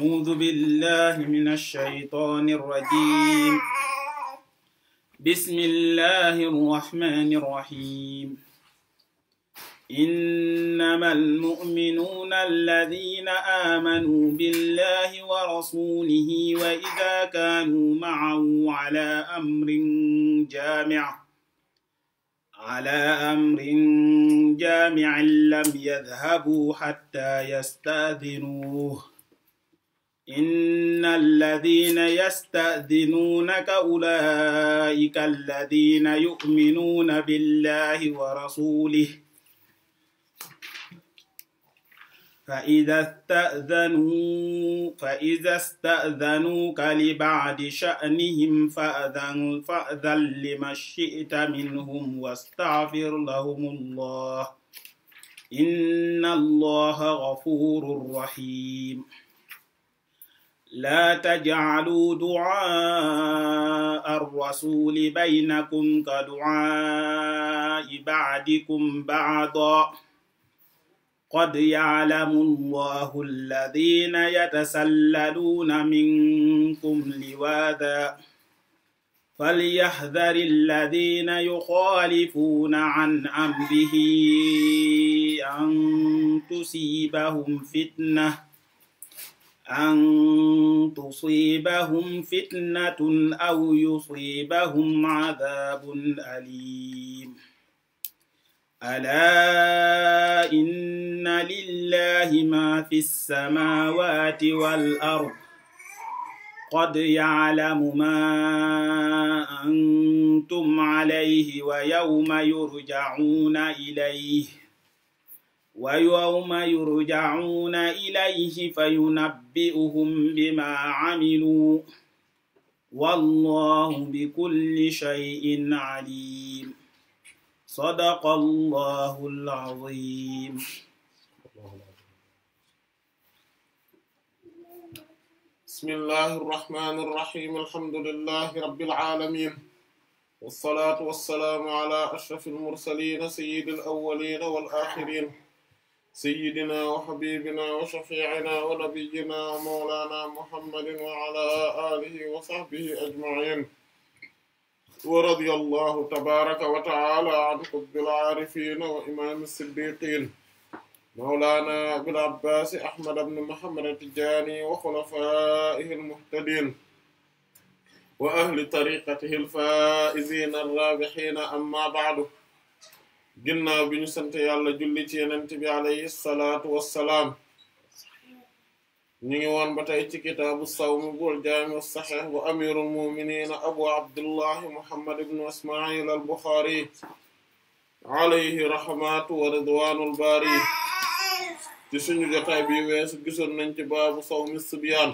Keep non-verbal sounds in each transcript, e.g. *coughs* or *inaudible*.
أعوذ بالله من الشيطان الرجيم بسم الله الرحمن الرحيم إنما المؤمنون الذين آمنوا بالله ورسوله وإذا كانوا معه على أمر جامع على أمر جامع لم يذهبوا حتى يستأذنوه إن الذين يستأذنونك أولئك الذين يؤمنون بالله ورسوله فإذا استأذنوا فإذا استأذنوك لبعض شأنهم فأذن فأذن لما شئت منهم واستغفر لهم الله إن الله غفور رحيم لا تجعلوا دعاء الرسول بينكم كدعاء بعدكم بعضا قد يعلم الله الذين يتسللون منكم لواذا فليحذر الذين يخالفون عن امره ان تصيبهم فتنه أن تصيبهم فتنة أو يصيبهم عذاب أليم ألا إن لله ما في السماوات والأرض قد يعلم ما أنتم عليه ويوم يرجعون إليه ويوم يرجعون إليه فينبئهم بما عملوا والله بكل شيء عليم صدق الله العظيم بسم الله الرحمن الرحيم الحمد لله رب العالمين والصلاة والسلام على أشرف المرسلين سيد الأولين والآخرين سيدنا وحبيبنا وشفيعنا ونبينا ومولانا محمد وعلى آله وصحبه أجمعين ورضي الله تبارك وتعالى عن قطب العارفين وإمام الصديقين مولانا أبو العباس أحمد بن محمد التجاني وخلفائه المهتدين وأهل طريقته الفائزين الرابحين أما بعده ginnaw biñu sant yàlla julli ci yenent bi alayhi salatu wassalam ñu ngi won ba tey ci kitabu sawm bul jami sahih wa amirul mu'minin abu abdullah muhammad ibn ismail al bukhari alayhi rahmatu wa ridwanul bari ci suñu jotaay bi wess gisoon nañ ci babu sawm subyan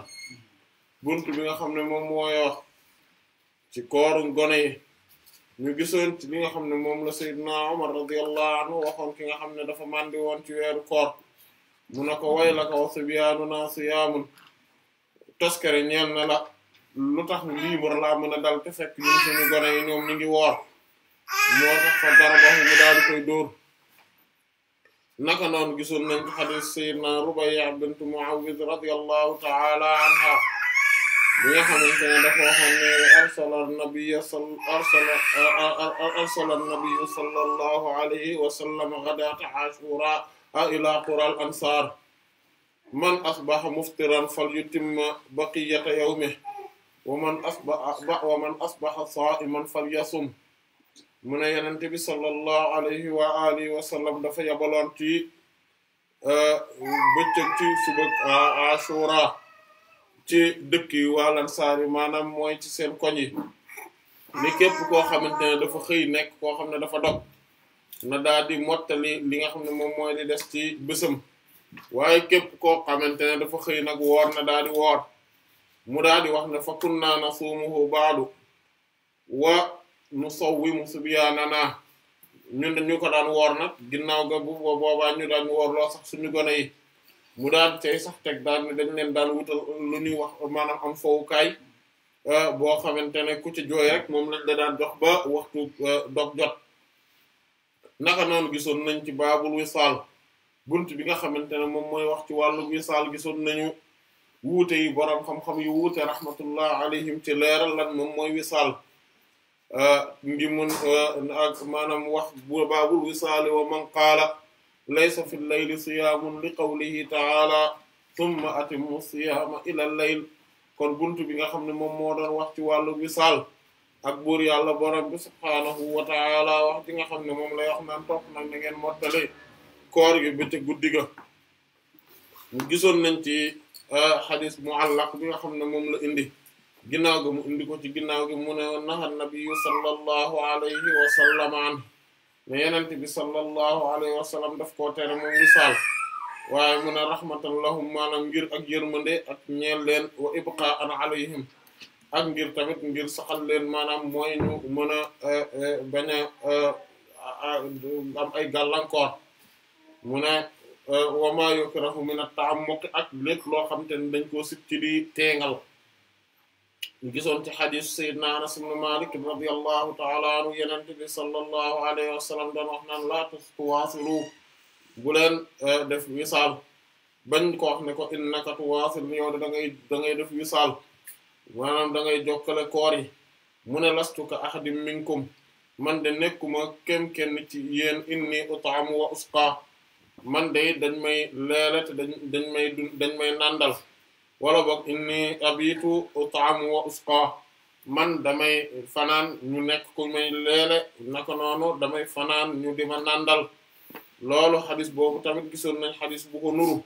buntu bi nga xamne mom moy wax ci koru gone ñu gisoon ci li nga xam ne moom la Seydina Omar radiyallahu waxoon ki nga xam ne dafa màndi woon ci weeru koor mu na ko way la ka wa sibyaanunaa siyaamun toskare ñeel na la lu tax lii war laa mën a dal te fekk ñun suñu gone yi ñoom ñu ngi woor moo tax fa darabahu mu daal di koy dóor naka noonu gisoon nañ ci xadis Seydina Rubayya bint Muawwiz radiyallahu ta'ala anha bi nga xamante ne dafa waxoon ne arsala nabiyya arsala arsala nabiyyu sallallahu alayhi wa sallam ghadata ashura ila qura al ansar man asbaha muftiran falyutimma baqiyata yawmihi wa man asbaha wa man asbaha sa'iman falyasum mu ne yenente bi sallallahu alayhi wa alihi wa sallam dafa yabaloon ci bëccëg ci suba ashura ci dëkk yi waa Ansaar yi maanaam mooy ci seen koñ yi ni képp koo xamante ne dafa xëy nekk koo xam ne dafa dog na daal di mottali li nga xam ne moom mooy di des ci bésam waaye képp koo xamante ne dafa xëy nag woor na daal di woor mu daal di wax ne fa kunnaa nasuumuhu baadu wa nusawwimu subyaanana ñun dañu ko daan woor nag ginnaaw ga bu boobaa ñu daan woor sax suñu gone yi mu daan tey sax teg daan dañ leen daan wutal lu ñuy wax maanaam am fowukaay euh, boo xamante ne ku ci jooy rek moom lañ la daan jox ba waxtu euh, dog jot naka noonu gisoon nañ ci baabul wisaal bunt bi nga xamante ne moom mooy wax ci wàllu wisaal gisoon nañu wuute yi boroom xam-xam yu wuute rahmatullah ci leeral lan moom mooy wisaal euh, ngi mun ak maanaam wax baabul wisaali wa man qaala laysa fi llayli siyaamun li qawlihi ta'ala thumma atimmu siyaama ila layl kon buntu bi nga xam ne moom moo doon wax ci wàllu wisaal ak buur yàlla borom bi subhaanahu wa ta'ala wax ci nga xam ne moom lay wax naan topp nag na ngeen mottale koor gi bëccëg guddi ga gisoon nañ ci euh, xadis muallaq bi nga xam ne moom la indi ginnaaw gi mu indi ko ci ginnaaw gi mu ne a nabiyyu sallallahu alayhi wa sallam ne yenente bi sallallahu alayhi wa sallam daf ko tere mo misaal waaye mu ne rahmatan lahum ngir ak yermande ak ñeel len wa ibqaan alayhim ak ngir tamit ngir saxal len manam moy ñu mën e, e, e, a a am ay gàllankoor mu wa ma yukrahu min at-ta'ammuq ak lepp lo xam dañ ko sit ci di tengal gisoon ci xadis sayyidina Anas ibn Malik radiyallahu ta'ala anhu yenente bi sallallahu alayhi wa sallam wax naan laa tuwaasilu bu leen eh, def wisaal bañ ko wax ne ko innaka tuwaasil ni yow da def wisaal maanaam da ngay jokkale koor yi mu ne lastu ka ahadin minkum man de nekkuma kem kenn ci yéen inni ut'amu wa usqa man de dañ may leele te dañ dañ may dañ may nàndal wala boog inni abitu ut'amu wa usqa man damay fanaan ñu nekk ku may leele naka noonu damay fanaan ñu di ma nandal loolu xadis boobu tamit gisoon nañ xadis bu ko nuru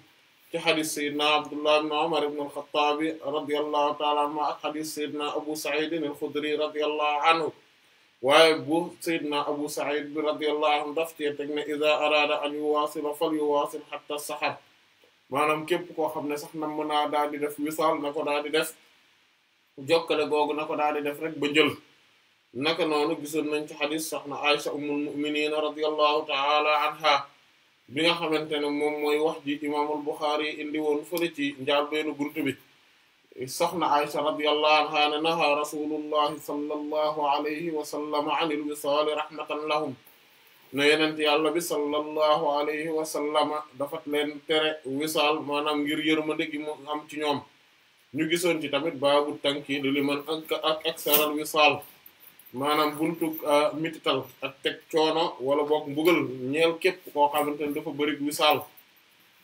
ci xadis sayidna abdullah ibn umar ibn alxataabi radiallahu taala anhu ak xadis sayidna abu saidin alxudri radiallahu anhu waaye bu sayyidina abu said bi radiallahu anhu daf cee teg ne ida araada an yuwaasila fal yuwaasil xatta saxar manam kep ko xamne sax nam mo na dal di def misal nako dal di def jokkale googu nako dal di def rek ba jël naka nonu gisul nañ ci xadis soxna Aisha ummul mu'minin radiyallahu ta'ala anha bi nga xamantene mom moy wax ji imaamul bukhari indi won fële ci njaal benu buntu bi soxna Aisha radiyallahu anha ne naha rasulullahi sallallahu alayhi wa sallam 'ala al-wisal rahmatan lahum ne yenent yàlla bi sallallahu alayhi wa sallama dafa leen tere wisaal maanaam ngir yërmande gi moom am ci ñoom ñu gisoon ci tamit baabu tànki li man ak ak ak saral wisaal maanaam buntu euh, mitital ak teg coono wala boog mbugal ñeel képp koo xamante ne dafa bëri wisaal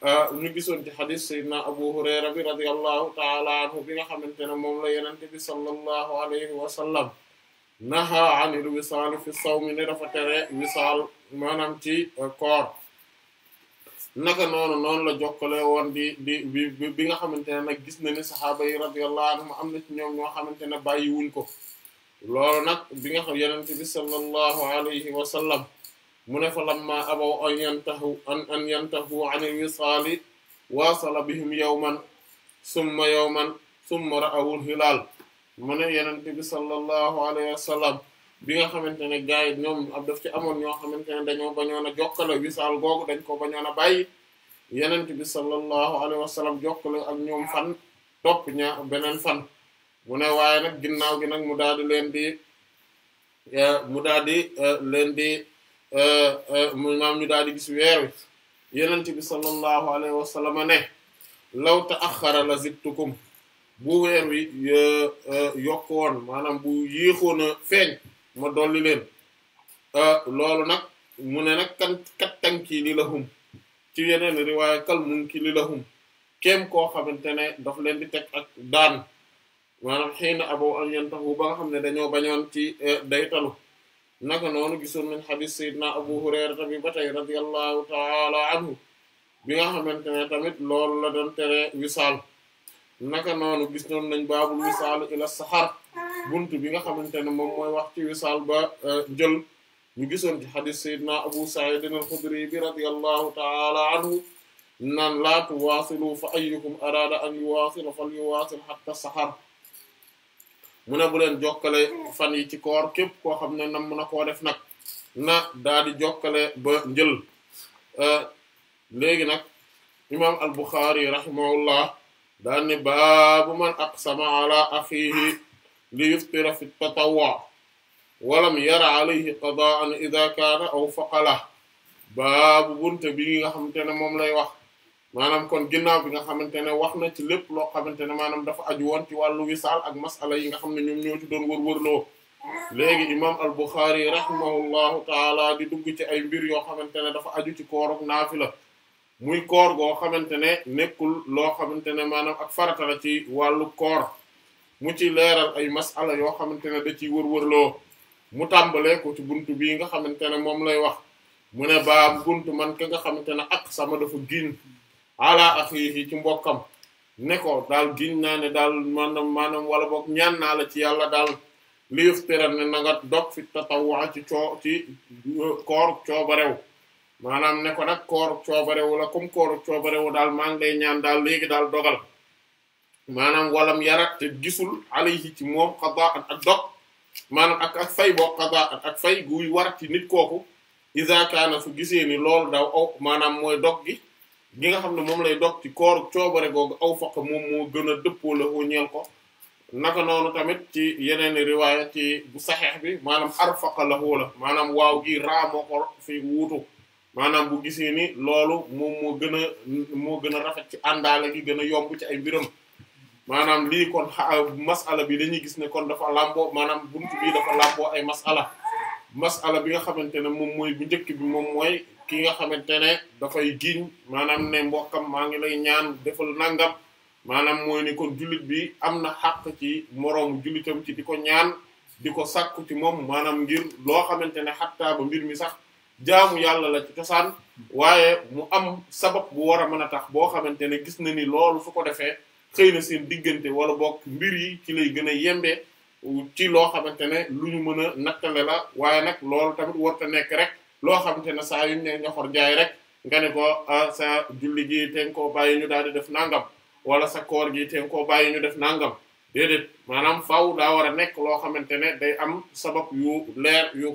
euh, ñu gisoon ci xadis sayyidina abu hurayra bi radiyallahu taala anhu bi nga xamante ne moom la yenente bi sallallahu alayhi wa sallam naha anil wisal fi sawmi ne dafa tere wisal manam ci e, koor naka noonu noonu la jokkale woon di di bi bi nga xamantene nag gis na ni sahaba yi radiallahu anhum am na ci ñoom ñoo xamantene bàyyiwuñ ko loolu nag bi nga xam yonente bi salallahu alayhi wa sallam mu ne fa lamma abaw an yantahu an an yantahu an wisaali waasala bihim yowman summa yowman summa ra'awul hilal mu ne yenente bi sallallahu alayhi wa sallam bi nga xamante ne gars yi ñoom ab daf ci amoon ñoo xamante ne dañoo bañoon a jokkale wisaal googu dañ ko bañoon a bàyyi yenente bi sallallahu alayhi wa sallam jokkale ak ñoom fan topp ña beneen fan mu ne waaye nag ginnaaw gi nag mu daal di leen di e, mu daal di e, leen e, ñu daal di gis weer wi yenente bi sallallahu alayhi wa sallam ne law ta'akhkhara la zidtukum bu weer wi yokk woon maanaam bu yéexoon a feeñ ma dolli leen ah, loolu nag mu ne nag kan kat tanki li ci yeneen riwaaya kal munki li lahum kéem koo xamante ne daf leen di teg ak daan maanaam xëy na aboo an yantahu ba nga xam ne dañoo bañoon ci eh, daytalu naka noonu gisoon nañ xadis sayyidina abu hurayrata bi ba tey taala anhu bi nga xamante ne tamit loolu la doon tere wisaal naka noonu gis noonu nañ baabul wisaal ila saxar bunt bi nga xamante ne moom mooy wax ci wisaal ba euh, njël ñu gisoon ci xadis sayyidina abu sa'id al-xudri bi radiyallahu ta'ala anhu naan laa tuwaasilu fa ayyukum araada an yuwaasila fal yuwaasil hatta saxar mu ne bu leen jokkale fan yi ci koor képp koo xam ne nam na koo def nag na daa di jokkale ba njël euh, léegi nag imam al-Bukhari rahimahullah daan ne baabu man aqsama ala axiihi li yuftira fi tatawwu walam yara alayhi qada'an idha kaana aw faqala baabu bunte bi nga xamante ne moom lay wax maanaam kon ginnaaw bi nga xamante ne wax na ci lépp loo xamante ne maanaam dafa aju woon ci wàllu wisaal ak masala yi nga xam ne ñoom ñoo ci doon wër-wërloo léegi imaam al-Bukhari rahimahullahu taala di dugg ci ay mbir yoo xamante ne dafa aju ci koorog naafila muy koor goo xamante ne nekkul loo xamante ne maanaam ak farata la ci wàllu koor mu ci leeral ay masala yoo xamante ne da ciy wërwërloo mu tàmbalee ko ci buntu bii nga xamante ne moom lay wax mu ne baa buntu man ka nga xamante ne ak sama dafa giin ala axiihi ci mbokkam ne ko daal giñ naa ne daal maanaam maanaam wala boog ñaan naa la ci yàlla daal li teral ne na nga dog fi tatawwa ci coo ci euh, cooba rew maanaam ne ko nag kooruk coobarewu la comme kooruk coobarewu daal maa lay ñaan daal léegi daal dogal maanaam walam yarat te gisul alayhi ci moom xadaa ak dog maanaam ak ak fay boo xadaa ak ak guy war ci nit kooku iza kaana su gisee ni loolu daw aw maanaam mooy dog gi gi nga xam ne moom lay dog ci kooruk coobare googu aw faq moom moo gën a dëppoo la oo ñeel ko naka noonu tamit ci yeneen riwaaya ci bu saxeex bi maanaam arfaqa lahu la maanaam waaw gi raa moo ko fi manam bu gisee ni lolu moom mo gëna mo gëna rafet ci àndaale gi gëna a yomb ci ay mbiram manam li kon masala bi dañuy gis ne kon dafa lambo manam buntu bi dafa lambo ay masala masala bi nga xamantene mom moy bu njëkk bi mom moy ki nga xamantene da fay giñ manam ne mbokam ma ngi lay ñaan deful nangam manam moy ni kon julit bi amna haq ci morom julitam ci diko ñaan diko sakku ci mom manam ngir lo xamantene hatta ba mbir mi sax jaamu yàlla la ci cosaan waaye mu am sabab bu war mën a tax boo xamante ne gis na ni loolu foo ko defee xëy na seen diggante wala bokk mbir yi ci lay gën a yembee ci loo xamante ne lu ñu mën a nattale la waaye nag loolu tamit warta nekk rek loo xamante ne saa yu ne ñoxor jaay rek nga ne ko ah, sa julli gi ten koo bàyyi ñu daal di def nangam wala sa koor gi ten koo bàyyi ñu def nangam déedéet maanaam faaw daa war a nekk loo xamante ne day am sabab yu leer yu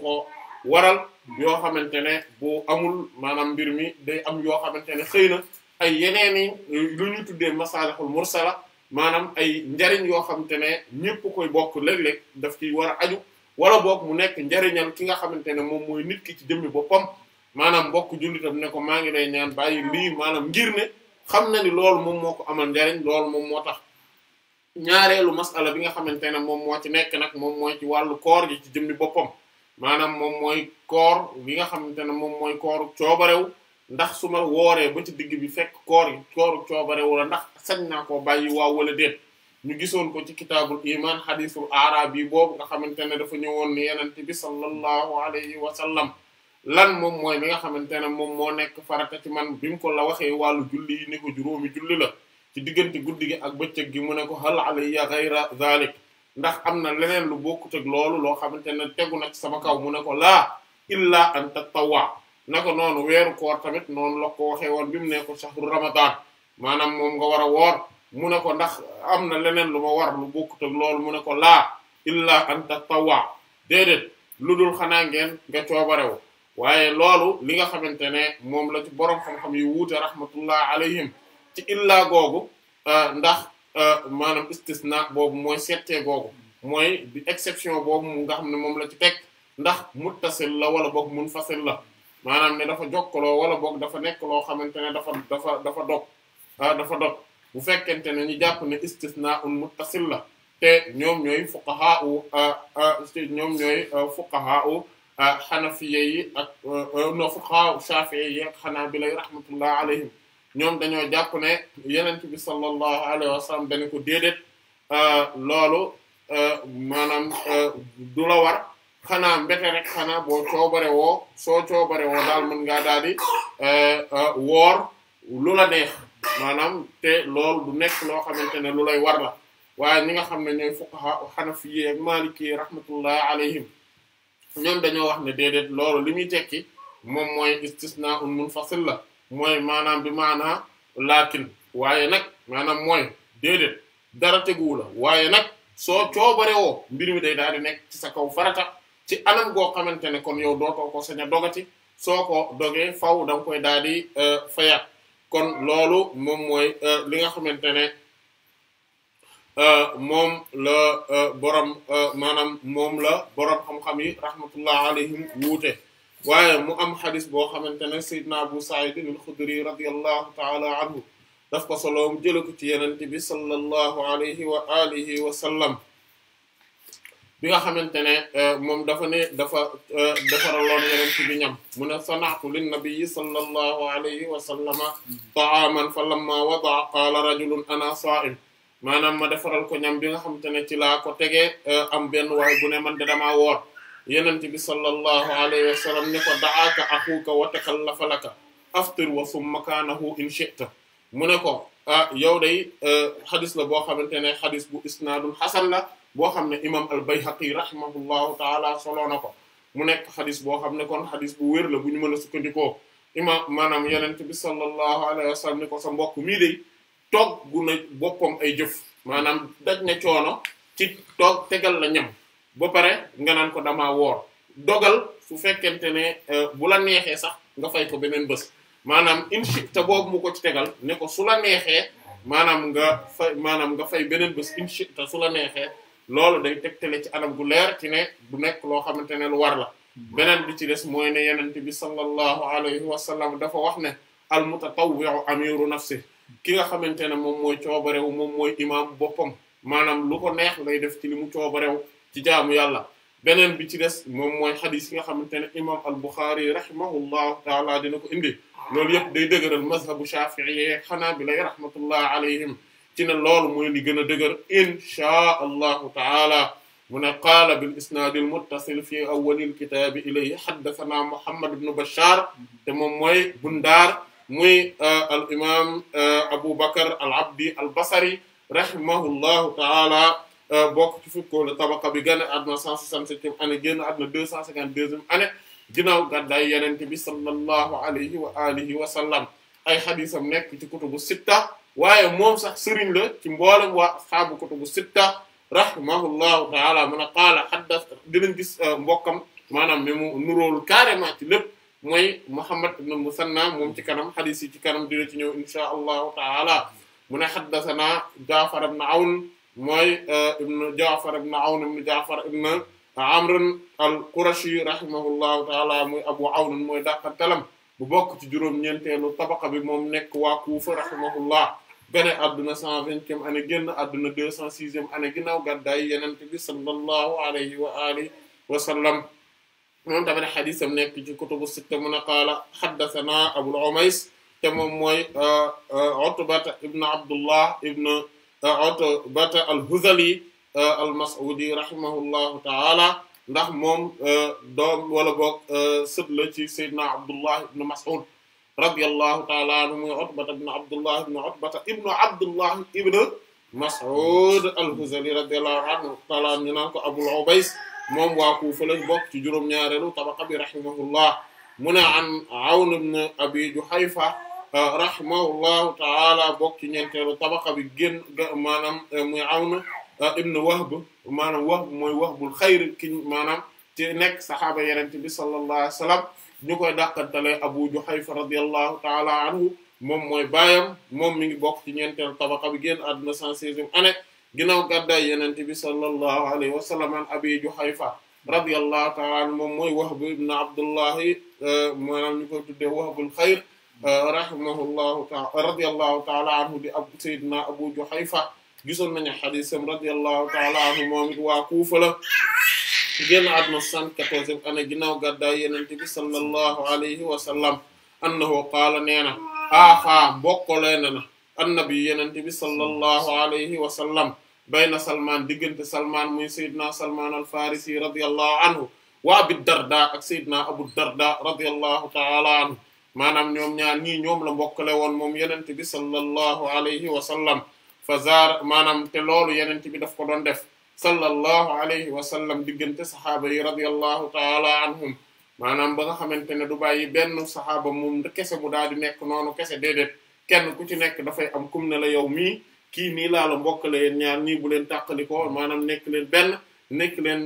waral yoo xamante ne boo amul maanaam mbir mi day am yoo xamante ne xëy na ay yeneen i lu ñu tuddee masalihul mursala maanaam ay njariñ yoo xamante ne ñëpp koy bokk léeg daf ciy war a aju wala boog mu nekk njariñal ki nga xamante ne moom mooy nit ki ci jëmmi boppam maanaam bokk jullitam ne ko maa ngi lay ñaan bàyyi lii maanaam ngir ne xam na ni loolu moom moo ko amal njariñ loolu moom moo tax ñaareelu masala bi nga xamante ne moom moo ci nekk nag moom mooy ci wàllu koor gi ci jëmmi boppam maanaam moom mooy koor bi nga xamante ne moom mooy kooru coobarew ndax su ma wooree ba ci digg bi fekk koor yi kooru coobarew la ndax sañ naa ko bàyyi waaw wala déet ñu gisoon ko ci kitaabul iman xadisul aaraab yi boobu nga xamante ne dafa ñëwoon ni yenente bi sallallahu alayhi wa sallam lan moom mooy li nga xamante ne moom moo nekk farata ci man bi mu ko la waxee wàllu julli yi ni ko juróomi julli la ci diggante guddi gi ak bëccëg gi mu ne ko hal alayya ghayra zalik ndax am na leneen lu bokkut ak loolu loo xamante ne tegu na ci sama kaw mu ne ko laa ila an tatawwa na ko noonu weeru koor tamit noonu la ko waxee woon bi mu ne ko shahru ramadan maanaam moom nga war a woor mu ne ko ndax am na leneen lu ma war lu bokkut ak loolu mu ne ko laa illaa an tatawwa déedéet lu dul xanaa ngeen nga coobarewu waaye loolu li nga xamante ne moom la ci boroom xam-xam yu wuute rahmatullah alayhim ci illaa googu euh, ndax manam istisna bobu moy settee googu moy bi exception bobu mu nga xamné mom la ci tek ndax muttasil la wala boog munfasil la manam ne dafa jokkolo wala bok dafa nek lo xamantene dafa dafa dafa dok ah dafa dok bu fekente ni jàpp ne istisna un muttasil la te ñom ñoy fuqaha u te ñom ñoy fuqaha u xanafiye ak no fuqaha shafi'i shafiye ak xanaa bi rahmatullah alayhim ñoom dañoo jàpp ne yenent bi sallallahu alayhi wa sallam dañu ko euh, loolu euh, maanaam euh, du la war xanaa mbete rek xanaa boo coobare woo soo coobare woo daal mën ngaa daal di woor lu la neex maanaam te loolu du nekk loo xamante ne lu lay war la waaye ñi nga xam ne ñooy fuqaha xanafi yi ak maliki yi rahmatullah alayhim ñoom dañoo wax ne déedéet loolu li muy tekki moom mooy istisna un munfasil la mooy maanaam bi maanaa laakin waaye nag maanaam mooy déedéet dara teguwu la waaye nag soo coobare woo mbir mi day daal di nekk ci sa kaw farata ci anam goo xamante ne kon yow dootoo ko sañ a dogati soo ko dogee faw da koy daal di euh, fayaat kon loolu moom mooy euh, li nga xamante ne euh, moom la borom maanaam moom la borom xam-xam yi rahmatullah alayhim wuute waye mu am hadith bo xamantene sayyidna Abu Sa'id al-Khudri radiyallahu ta'ala anhu daf ko solo mu jële ko ci yenente bi sallallahu alayhi wa alihi wa sallam bi nga xamantene mom dafa ne dafa defaraloon yenente bi ñam mu ne sana'tu nabiy sallallahu alayhi wa sallam ta'aman fa lamma wada'a qaala rajulun ana sa'im manam ma defaral ko ñam bi nga xamantene ci la ko tege am ben way bu ne man de damaa woor yenente bi sallallahu alayhi wa sallam ne ko da'aka axuuka wa takallafa laka aftir wa summa kaanahu in shi'ta mu ne ko ah yow day xadis la boo xamante ne bu isnaadul xasan la boo xam imam al bayhaqi rahimahullahu taala soloo na ko mu nekk xadis boo xam ne kon xadis bu wér la bu ñu mën a sukkandikoo imam maanaam yenente bi sallallahu alayhi wa sallam ne sa mbokk mii day toog gu na boppam ay jëf maanaam daj na coono ci toog tegal la ñam ba pare nga naan ko dama woor dogal su fekkente ne euh, bu la neexee sax nga fay ko beneen bés maanaam inshita boobu mu ko ci tegal ne ko su la neexee maanaam nga fay maanaam nga fay beneen bés inshita su la neexee loolu day tegtale ci anam gu leer ci ne du nekk loo xamante ne lu war la beneen bi ci des mooy ne yenente bi sallallahu alayhi wa sallam dafa wax ne al mutatawwi'u amiru nafsi ki nga xamante ne moom mooy coobarew moom mooy imaam boppam maanaam lu ko neex lay def ci li mu coobarew ci jaamu yàlla benen bi ci dess mom moy hadith yi nga xamantene imam al-Bukhari rahimahullahu taala dina ko indi loolu yep day dëgëral mazhabu shafi'i khana xanaabila rahmatullah alayhim ci na loolu moy li gëna a insha allah taala mun qala bil isnad al muttasil fi al kitab ilayhi hadathana muhammad ibn bashar te mom moy bundar moy al imam abu bakr al abdi al basri rahimahullahu taala Euh, bokk ci fukkoo la tabaqa bi gane àdduna 167e année génn àdduna 252e année ginnaaw gàddaay yenente bi sallallahu alayhi wa alihi wa sallam ay xadisam nekk ci kutubu sitta waaye moom sax sëriñ la ci mboolem waa asxaabu kutubu sitta rahimahullahu taala mun a qaala xaddas dinañ gis euh, mbokkam maanaam ne mu nuróolu carrément ci lépp mooy Muhammad ibn Musanna moom ci kanam xadis yi ci kanam dina ci ñëw inshaa allahu taala mu ne xaddasana Jaafar ibn Awn mooy ibn Ja'far ibn Awn ibn Ja'far ibn Amr al-Qurashi rahimahullahu ta'ala muy Abu Awn mooy dàqantalam bu bokk ci juróom-ñeenteelu tabaqa bi moom nekk waa Kufa rahimahullah gane adduna cent vingtième année génn adduna deux cent sixième année ginnaaw gàddaay yenente bi sallallahu alayhi wa alihi wa sallam moom tamit xadisam nekk ci kutubu sitta mun a qaala xaddathana Abul Umays te moom mooy Utbata ibn Abdullah ibn Utbata al-Hudhali al-Mas'udi rahimahullahu ta'ala ndax moom doom wala boog sët la ci Seydina Abdullah ibn Mas'ud radiyallahu ta'ala anhu muy Utbata ibn Abdullah ibn Utbata ibn Abdullah ibn Mas'ud al-Hudhali radiyallahu anhu ta'ala ñu naan ko Abul Ubays moom waa Kufa lañ bokk ci juróom-ñaareelu tabaqa bi rahimahullah mu ne an Awn ibn Abi Juhayfa rahimahullahu ta'ala bokk ci ñeenteelu tabaqa bi génn maanaam muy Awn ibn Wahb maanaam Wahb mooy Wahbul Xayr ki maanaam ci nekk saxaaba Yonent bi sallallahu alayhi wa sallam ñu Abu Juhayfa radiyallahu ta'ala anhu moom mooy baayam moom mi ngi bokk ci ñeenteelu tabaqa bi génn àdduna 116e année ginnaaw gàddaay Yonent bi sallallahu alayhi wa sallam an Abi Juhayfa radiyallahu ta'ala anhu moom Wahb ibn Abdullahi maanaam ñu koy Wahbul Xayr rahimahullahu ta'ala radiyallahu ta'ala anhu di ab Seydina Abu Juhayfa gisoon nañu xadisam radiyallahu ta'ala anhu moom it waa Kuufa la génn àdduna soixante-quatorzième année ginnaaw gàddaay Yonent bi sallallahu alayhi wa sallam annahu qaala nee na aaxaa mbokkolee na na annabi Yonent bi sallallahu alayhi wa sallam bayna Salmaan diggante Salmaan muy Seydina Salmaan al-Farisi radiyallahu anhu wa Abi Darda ak Seydina Abu Darda radiyallahu ta'ala anhu manam ñom ñaar ñi ñom la mbokkale woon moom yenent bi sallallahu alayhi wa sallam fa zaar maanaam te loolu yenent bi daf ko don def sallallahu alayhi wa sallam diggante sahaba yi radiyallahu taala anhum manam ba nga xamantene du bàyyi benn saxaaba moom kesse mu daal di nek nonu kesse dedet kenn ku ci nek da fay am kum ne la yow mi ki nii la la mbokale yeen ñaar ñi bu len tàqalikoo maanaam nekk leen benn nekk leen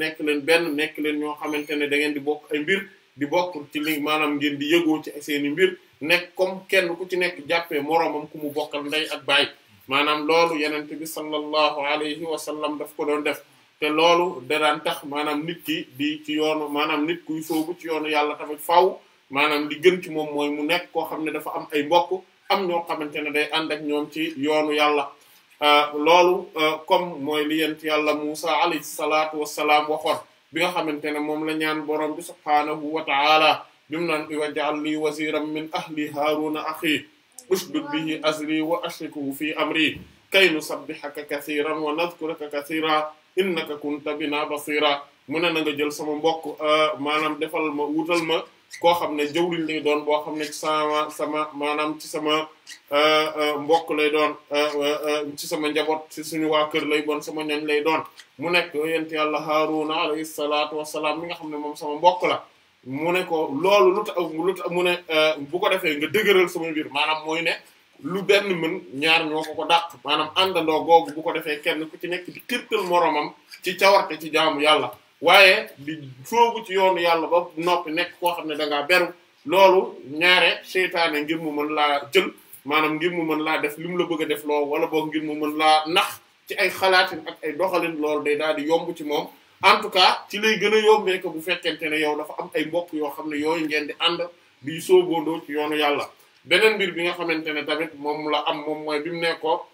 nekk leen benn nekk leen ñoo xamante ne da ngeen di bok ay mbir di bokk ci li maanaam ngeen di yëgoo ci seeni mbir nekk comme kenn ku ci nekk jàppee moroomam ku mu bokkal ndey ak baay maanaam loolu yenent bi sallallahu alayhi wa sallam daf ko doon def te loolu da daan tax maanaam nit ki di ci yoonu maanaam nit kuy soobu ci yoonu yàlla tamit faw maanaam li gën ci moom mooy mu nekk koo xam ne dafa am ay mbokk am ñoo xamante ne day ànd ak ñoom ci yoonu yàlla euh, loolu euh, comme mooy li yent yàlla Musa alayhi salaatu wassalaam waxoon bi nga xamantene mom la ñaan borom bi subhanahu wa ta'ala bi mu naan waj'al li waziran min ahli harun akhi usbud bihi azri wa ashriku fi amri kay nusabbihaka kathiran wa nadhkuruka kathira innaka kunta bina basira mu nga jël sama mbokk euh manam defal ma wutal ma koo xam ne jawriñ lay doon boo xam ne ci sama sama maanaam ci sama euh, euh, mbokk lay doon euh, ci sama njaboot ci suñu waa kër lay doon sama ñoñ lay doon mu nekk yent yàlla Haaruna alayhi salaatu salaam mi nga xam ne moom sama mbokk la mu ne ko loolu lu tax lu tax mu ne bu ko defee nga dëgëral sama mbir maanaam mooy ne lu benn mën ñaar ñoo ko ko dàq maanaam àndandoo googu bu ko defee kenn ku ci nekk di kirtal moroomam ci cawarte ci jaamu yàlla waaye bi soobu ci yoonu yàlla ba noppi nekk koo xam ne da ngaa beru loolu ñaare seytaane ngir mu mën laa jël maanaam ngir mu mën laa def li mu la bëgg a def loolu wala boog ngir mu mën laa nax ci ay xalaatin ak ay doxalin loolu day daal di yomb ci moom en tout cas ci lay gën a yombee ko bu fekkente ne yow dafa am ay mbokk yoo xam ne yooyu ngeen di ànd bii soo sóoboondoo ci yoonu yàlla beneen mbir bi nga xamante ne tamit moom la am moom mooy bi mu ne ko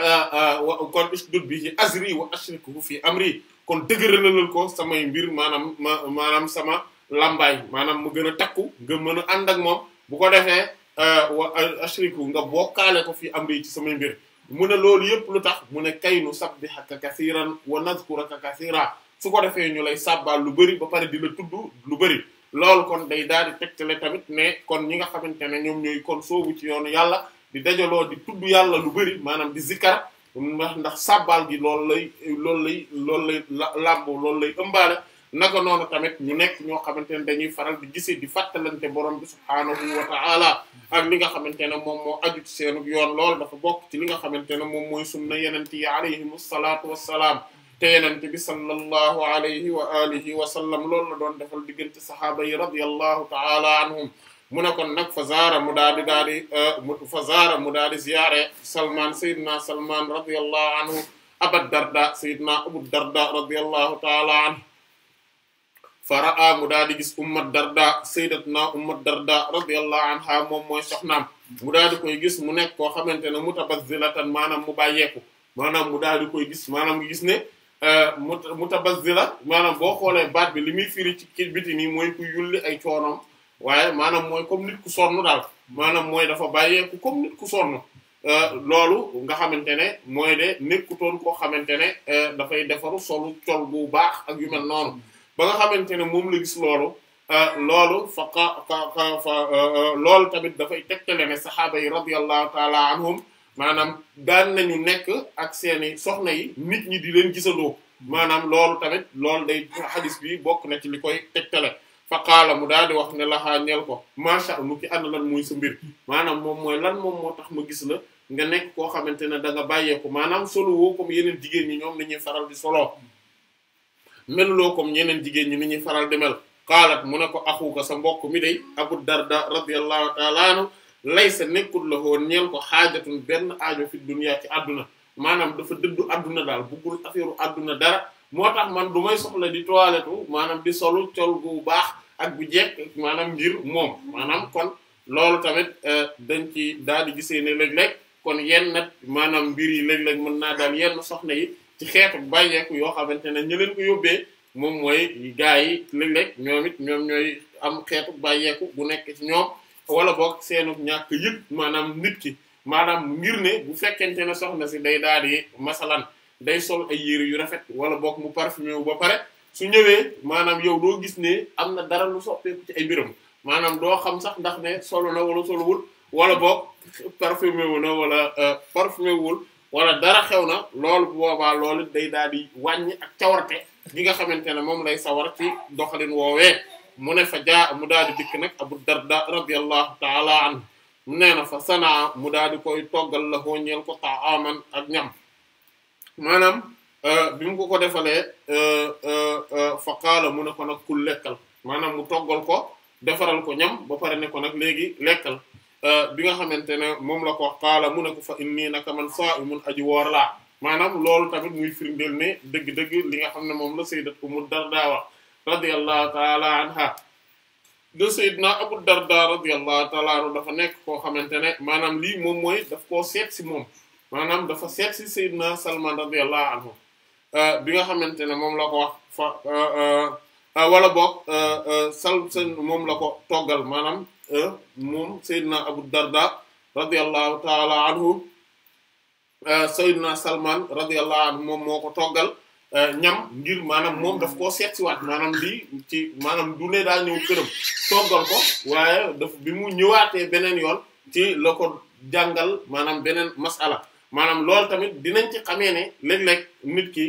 euh, euh, kon isdud bihi azri wa ashrikhu fi amri kon dëgëralalal ko samay mbir maanaam ma maanaam sama lambaay maanaam mu gën a takku nga mën a ànd ak moom bu ko defee euh, wa euh, ashriku nga bokkaale ko fi amri ci samay mbir mu ne loolu yëpp lu tax mu ne kay nu sab sabbihaka kasiran wa nazkuraka kasira su ko defee ñu lay sàbbaal lu bëri ba pare di la tudd lu bëri loolu kon day daal di tegtale tamit ne kon ñi nga xamante ne ñoom ñooy kon soobu ci yoonu yàlla di dajaloo di tudd yàlla lu bëri maanaam di zikkar ndax ndax sàbbaal gi loolu lay loolu lay loolu lay làmbo loolu lay ëmbaale naka noonu tamit ñu nekk ñoo xamante ne dañuy faral di gisee di fàttalante borom bi subhaanahu wa ta'ala ak li nga xamante ne moom moo aju ci seenu yoon lool dafa bokk ci li nga xamante ne moom mooy sunna yenente yi alayhim salaatu wassalaam te yenente bi sallallahu alayhi wa alihi wa sallam loolu la doon defal diggante sahaaba yi radiyallahu ta'ala anhum mu ne kon nag fa zaara mu daal di daal di euh, fa zaara mu daal di ziyaare salman sayidna salman radiyallahu abad darda sayidna abu darda radiyallahu taala anhu faraa mu daal di gis ummat darda sayyidatna ummat darda radiyallahu anha moom mooy soxnaam mu daal koy gis mu nekk koo xamante ne mutabazzilatan maanaam mu bàyyeeku maanaam mu daal di koy gis maanaam gis ne euh, mutabazzila maanaam boo xoolee baat bi li muy firi ci biti nii mooy ku yulli ay coonoom waaye maanaam mooy comme nit ku sonn daal maanaam mooy dafa bàyyeeku comme nit ku sonn euh, loolu nga xamante ne mooy de nekkutoon koo xamante ne euh, dafay defaru solu col bu baax ak yu ba xamante ne moom la gis loolu euh, loolu fa fa loolu tamit dafay tegtale ne saxaaba yi radiyallahu taala anhum maanaam daan ñu nekk ak seeni soxna yi nit ñi di leen gisandoo maanaam loolu tamit loolu day xadis bi bokk na ci li koy tegtale fa qaala mu daal di wax ne laxaa ñel ko macha nu ki ana lan mooy sa mbir maanaam moom mooy lan moom moo tax ma gis la nga nekk koo xamante ne da nga bàyyeeku maanaam solo ko yeneen jigéen ñi ñoom ni ñuy faral di soloo meluloo comme yeneen jigéen ñi ni ñuy faral di mel qaalat mu ne ko axuka sa mbokk mi day abu darda radiyallahu taala anu laysa nekkul la woon ñeel ko xaajatun benn aajo fi dunya ci àdduna maanaam dafa dëddu àdduna daal buggul affaire àdduna dara moo tax man du may soxla di toilette maanaam di solu col bu baax ak bu jekk maanaam ngir moom maanaam kon loolu tamit euh, dañ ci daal di gisee ne léeg-léeg kon yenn nag maanaam mbir yi léeg-léeg mën naa daal yenn soxna yi ci xeetu bàyyeeku yoo xamante ne ñu leen ko yóbbee moom mooy gaa yi léeg-léeg ñoom it ñoom ñooy am xeetu bàyyeeku bu nekk ci ñoom wala boog seenu ñàkk yëg maanaam nit ki maanaam ngir ne bu fekkente ne soxna si day daal di masalan day sol ay yére yu rafet wala boog mu parfumé wu ba pare su ñëwee maanaam yow doo gis ne am na dara lu soppeeku ci ay mbiram maanaam doo xam sax ndax ne solo na wala soluwul wala boog parfumé wu na wala euh, parfumé wul wala dara xew na loolu boobaa loolu day daal di wàññi ak cawarte gi nga xamante ne moom lay sawar ci doxalin woowee mu ne fa jaa mu daal di dikk nag Abu Darda radiyallahu taala anhu nee na fa sanaa mu daal di koy toggal la hoo ñeel ko taaman ak ñam maanaam euh, bi mu ko ko defalee euh, euh, fa qaala mu ne ko nag kul lekkal maanaam mu toggal ko defaral ko ñam ba pare ne ko nag léegi lekkal bi nga xamante ne moom la ko wax mu ne ko fa inni naka man saa'imun aji woor laa maanaam loolu tamit muy firndeel ne dëgg-dëgg li nga xam ne moom la sayyidat Ummu Dardaa wax radiyallahu ta'ala anha de Seydina Abu Darda radiyallahu ta'ala anhu dafa nekk koo xamante ne maanaam lii moom mooy daf koo seet si moom maanaam dafa seet si Seydina Salman radiyallahu anhu euh, bi nga xamante ne moom la ko wax fa euh, euh, sal seen moom la ko toggal maanaam moom Seydina Abu Darda radiyallahu taala anhu na Salman radiyallahu anhu moom moo ko toggal ñam ngir maanaam moom daf koo seet waat maanaam lii ci maanaam du ne daa ñëw këram toggal ko waaye daf bi mu ñëwaatee beneen yoon ci la ko jàngal maanaam beneen masala maanaam loolu tamit dinañ ci xamee ne léeg-léeg nit ki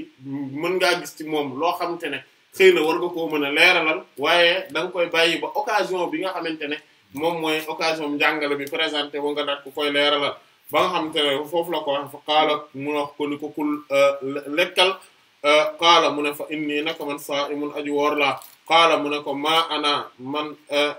mën ngaa gis ci moom loo xamante ne xëy na war nga koo mën a leeralal waaye da koy bàyyi ba occasion bi nga xamante ne moom mooy occasion njàngale bi présenté bo nga daat ku koy leeralal ba xam xamante ne foofu la ko wax fa qaala mun wax ko ni ko kul euh, lekkal euh, qaala mu ne fa inni naka man mun aji woor laa qaala mu ne ko maa ana man euh,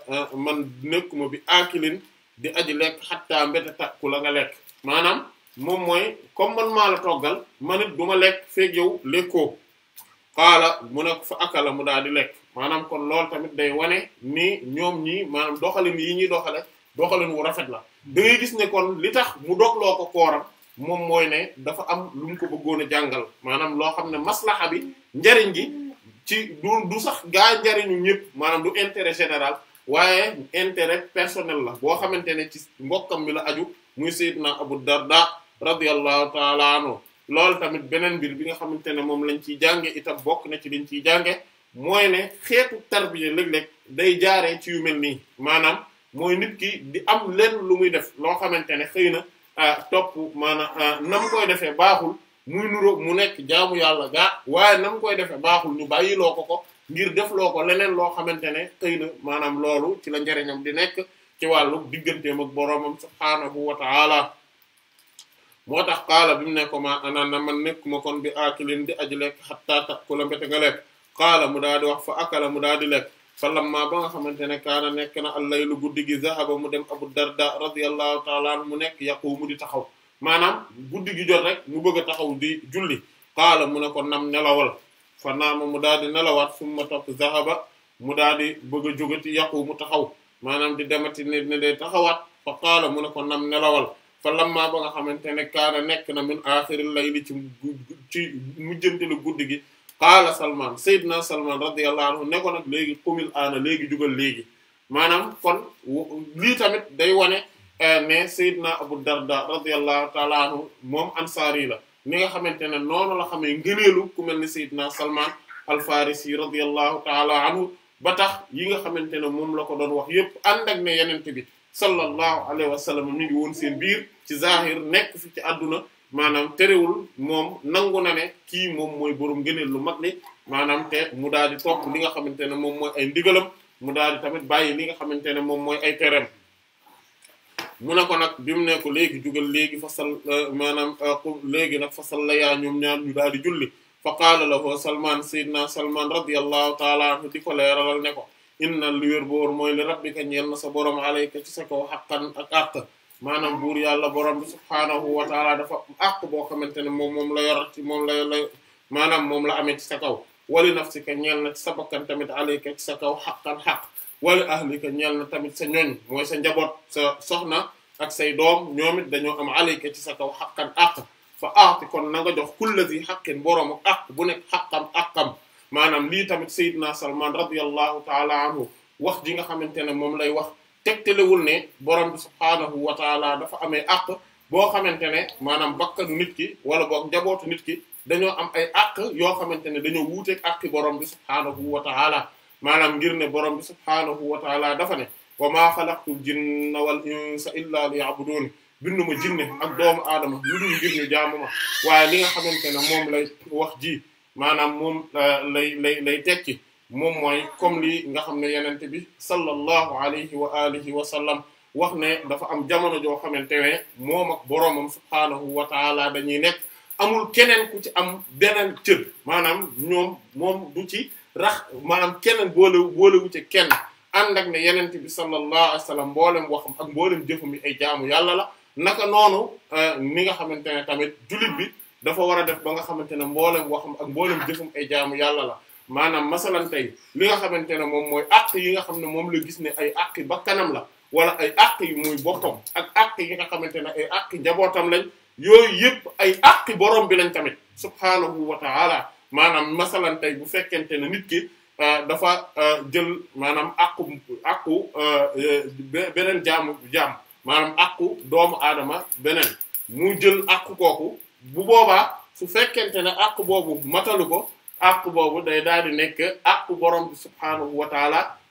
man nekkuma bi aakilin di aji lekk xattaa mbéta takku la nga lekk maanaam moom mooy comme man maa la toggal man it du ma lekk feeg yow lekkoo xaala mu ne fa akala mu daal di lekk maanaam kon loolu tamit day wane ni ñoom ñii maanaam doxalin yi ñuy doxale doxalin wu rafet la da gis ne kon li tax mu dogloo ko kooram moom mooy ne dafa am lu mu ko bëggoon a jàngal maanaam loo xam ne maslaxa bi njariñ gi ci du du sax gaa njariñu ñëpp maanaam du intérêt général waaye intérêt personnel la boo xamante ne ci mbokkam mi la aju muy sayyidna Abu Darda radiyallahu ta'ala anhu loolu tamit beneen mbir bi nga xamante ne moom lañ ciy jànge itam bokk na ci liñ ciy jànge mooy ne xeetu tarbiya léeg-léeg day jaare ci yu mel nii maanaam mooy nit ki di am lenn lu muy def loo xamante ne xëy na ah, topp maanaam ah, nam koy defee baaxul muy nuroo mu nekk jaamu yàlla gaa waaye nam koy defee baaxul ñu bàyyiloo ko ko ngir def loo ko leneen loo xamante ne xëy na maanaam loolu ci la njariñam di nekk ci wàllu digganteem ak boroomam subhaanahu wa ta'ala moo tax qaala bi mu ne ko ma anana man nekk ma kon bi aakilin di aj lekk hatta takula mbete nga lekk qaala mu daa di wax fa akala mu daa di lekk fa lamma ba nga xamante ne kaana nekk na allaylu guddi gi zahaba mu dem abu darda radiyallahu ta'ala anhu mu nekk yaqumu di taxaw maanaam guddi gi jot rek mu bëgg a taxaw di julli qaala mu ne ko nam nelawal fa naama mu daa di nelawaat summa topp zahaba mu daa di bëgg a jógati yaqumu taxaw maanaam di demati ne ne day taxawaat fa qaala mu ne ko nam nelawal fa lammaa ba nga xamante ne kaana nekk na min axiril layli ci mu mujjantelu guddi gi qaala salman sayyidna salman radiyallahu anhu ne ko nag léegi qumil aana léegi jugal léegi maanaam fon lii tamit day wane eh, ne sayyidna abu darda radiyallahu taala anhu moom ansaari la ni nga xamante ne noonu la xamee ngëneelu ku mel ni sayyidna salman al farisi radiyallahu taala anhu ba tax yi nga xamante ne moom la ko doon wax yépp ànd ak ne yenent bi sallallahu alayhi wa sallam mi ngi woon seen biir ci zahir nekk fi ci àdduna maanaam terewul moom nangu na ne kii moom mooy borom gëneel lu mag li maanaam te mu daal di topp li nga xamante ne moom mooy ay ndigalam mu daal di tamit bàyyi li nga xamante ne moom mooy ay tereem mu ne ko nag bi mu ne ko léegi jugal léegi fasal euh, maanaam euh, léegi nag fasal la yaa ñoom ñaar ñu daal di julli fa qaala lahu salman sayyidina salman radiyallahu taala anhu di ko leeralal ne ko innal lu wér boor mooy li rabbika ñeel na sa borom alayka ci sa kaw xaqan ak àq maanaam buur yàlla borom bi subhaanahu wa taala dafa àq boo xamante ne moom moom la yor ci moom la la maanaam moom la amee ci sa kaw wali nafsika ñeel na ci sa bakkan tamit alayka ci sa kaw xaqan xaq wali ahlika ñeel na tamit sa ñoñ mooy sa njaboot sa soxna ak say doom ñoom it dañoo am alayka ci sa kaw xaqan àq فاعطي كون نغا جوخ كل ذي حق بروم حق بنك حقم حقم مانام لي تامت سيدنا سلمان رضي الله تعالى عنه واخ جيغا خامتاني موم لاي واخ تكتلول ني بروم سبحانه وتعالى دا فا امي حق بو خامتاني مانام بكك نيت كي ولا بو جابوت نيت كي دانيو ام اي حق يو خامتاني دانيو ووتك حق بروم سبحانه وتعالى مانام غير ني بروم سبحانه وتعالى دا فا ني وما خلقت الجن والانس الا ليعبدون binduma jinne ak doomu aadama lu dul ngir ñu jaamuma ma waaye li nga xamantene ne moom lay wax ji maanaam moom lay lay lay tekki moom mooy comme li nga xam ne yenente bi sallallahu alayhi wa alihi wa sallam wax ne dafa am jamono joo xamantene ne moom ak boroomam subhanahu wa taala dañuy nekk amul keneen ku ci am beneen cër maanaam ñoom moom du ci rax maanaam keneen boolewu wu ci kenn ànd ak ne yenente bi sallallahu alayhi wa sallam mboolem waxam ak mboolem jëfam yi ay jaamu yàlla la naka noonu euh, ni nga xamante ne tamit jullit bi dafa war a def ba nga xamante ne mboolem waxam ak mboolem jëfam ay jaamu yàlla la maanaam masalan tey li nga xamante ne moom mooy àq yi nga xam ne moom la gis ne ay àq ba kanam la wala ay àq yi muy boppam ak àq yi nga xamante ne ay àq njabootam lañ yooyu yëpp ay àq borom bi lañ tamit subhaanahu wa ta'ala maanaam masalan tey bu fekkente ne nit ki euh, dafa euh, jël maanaam àqu àqu beneen jaamu jaam maanaam àqu doomu aadama beneen mu jël àqu kooku bu boobaa su fekkente ne àqu boobu matalu ko àqu boobu day daal di nekk àqu borom bi subhaanahu wa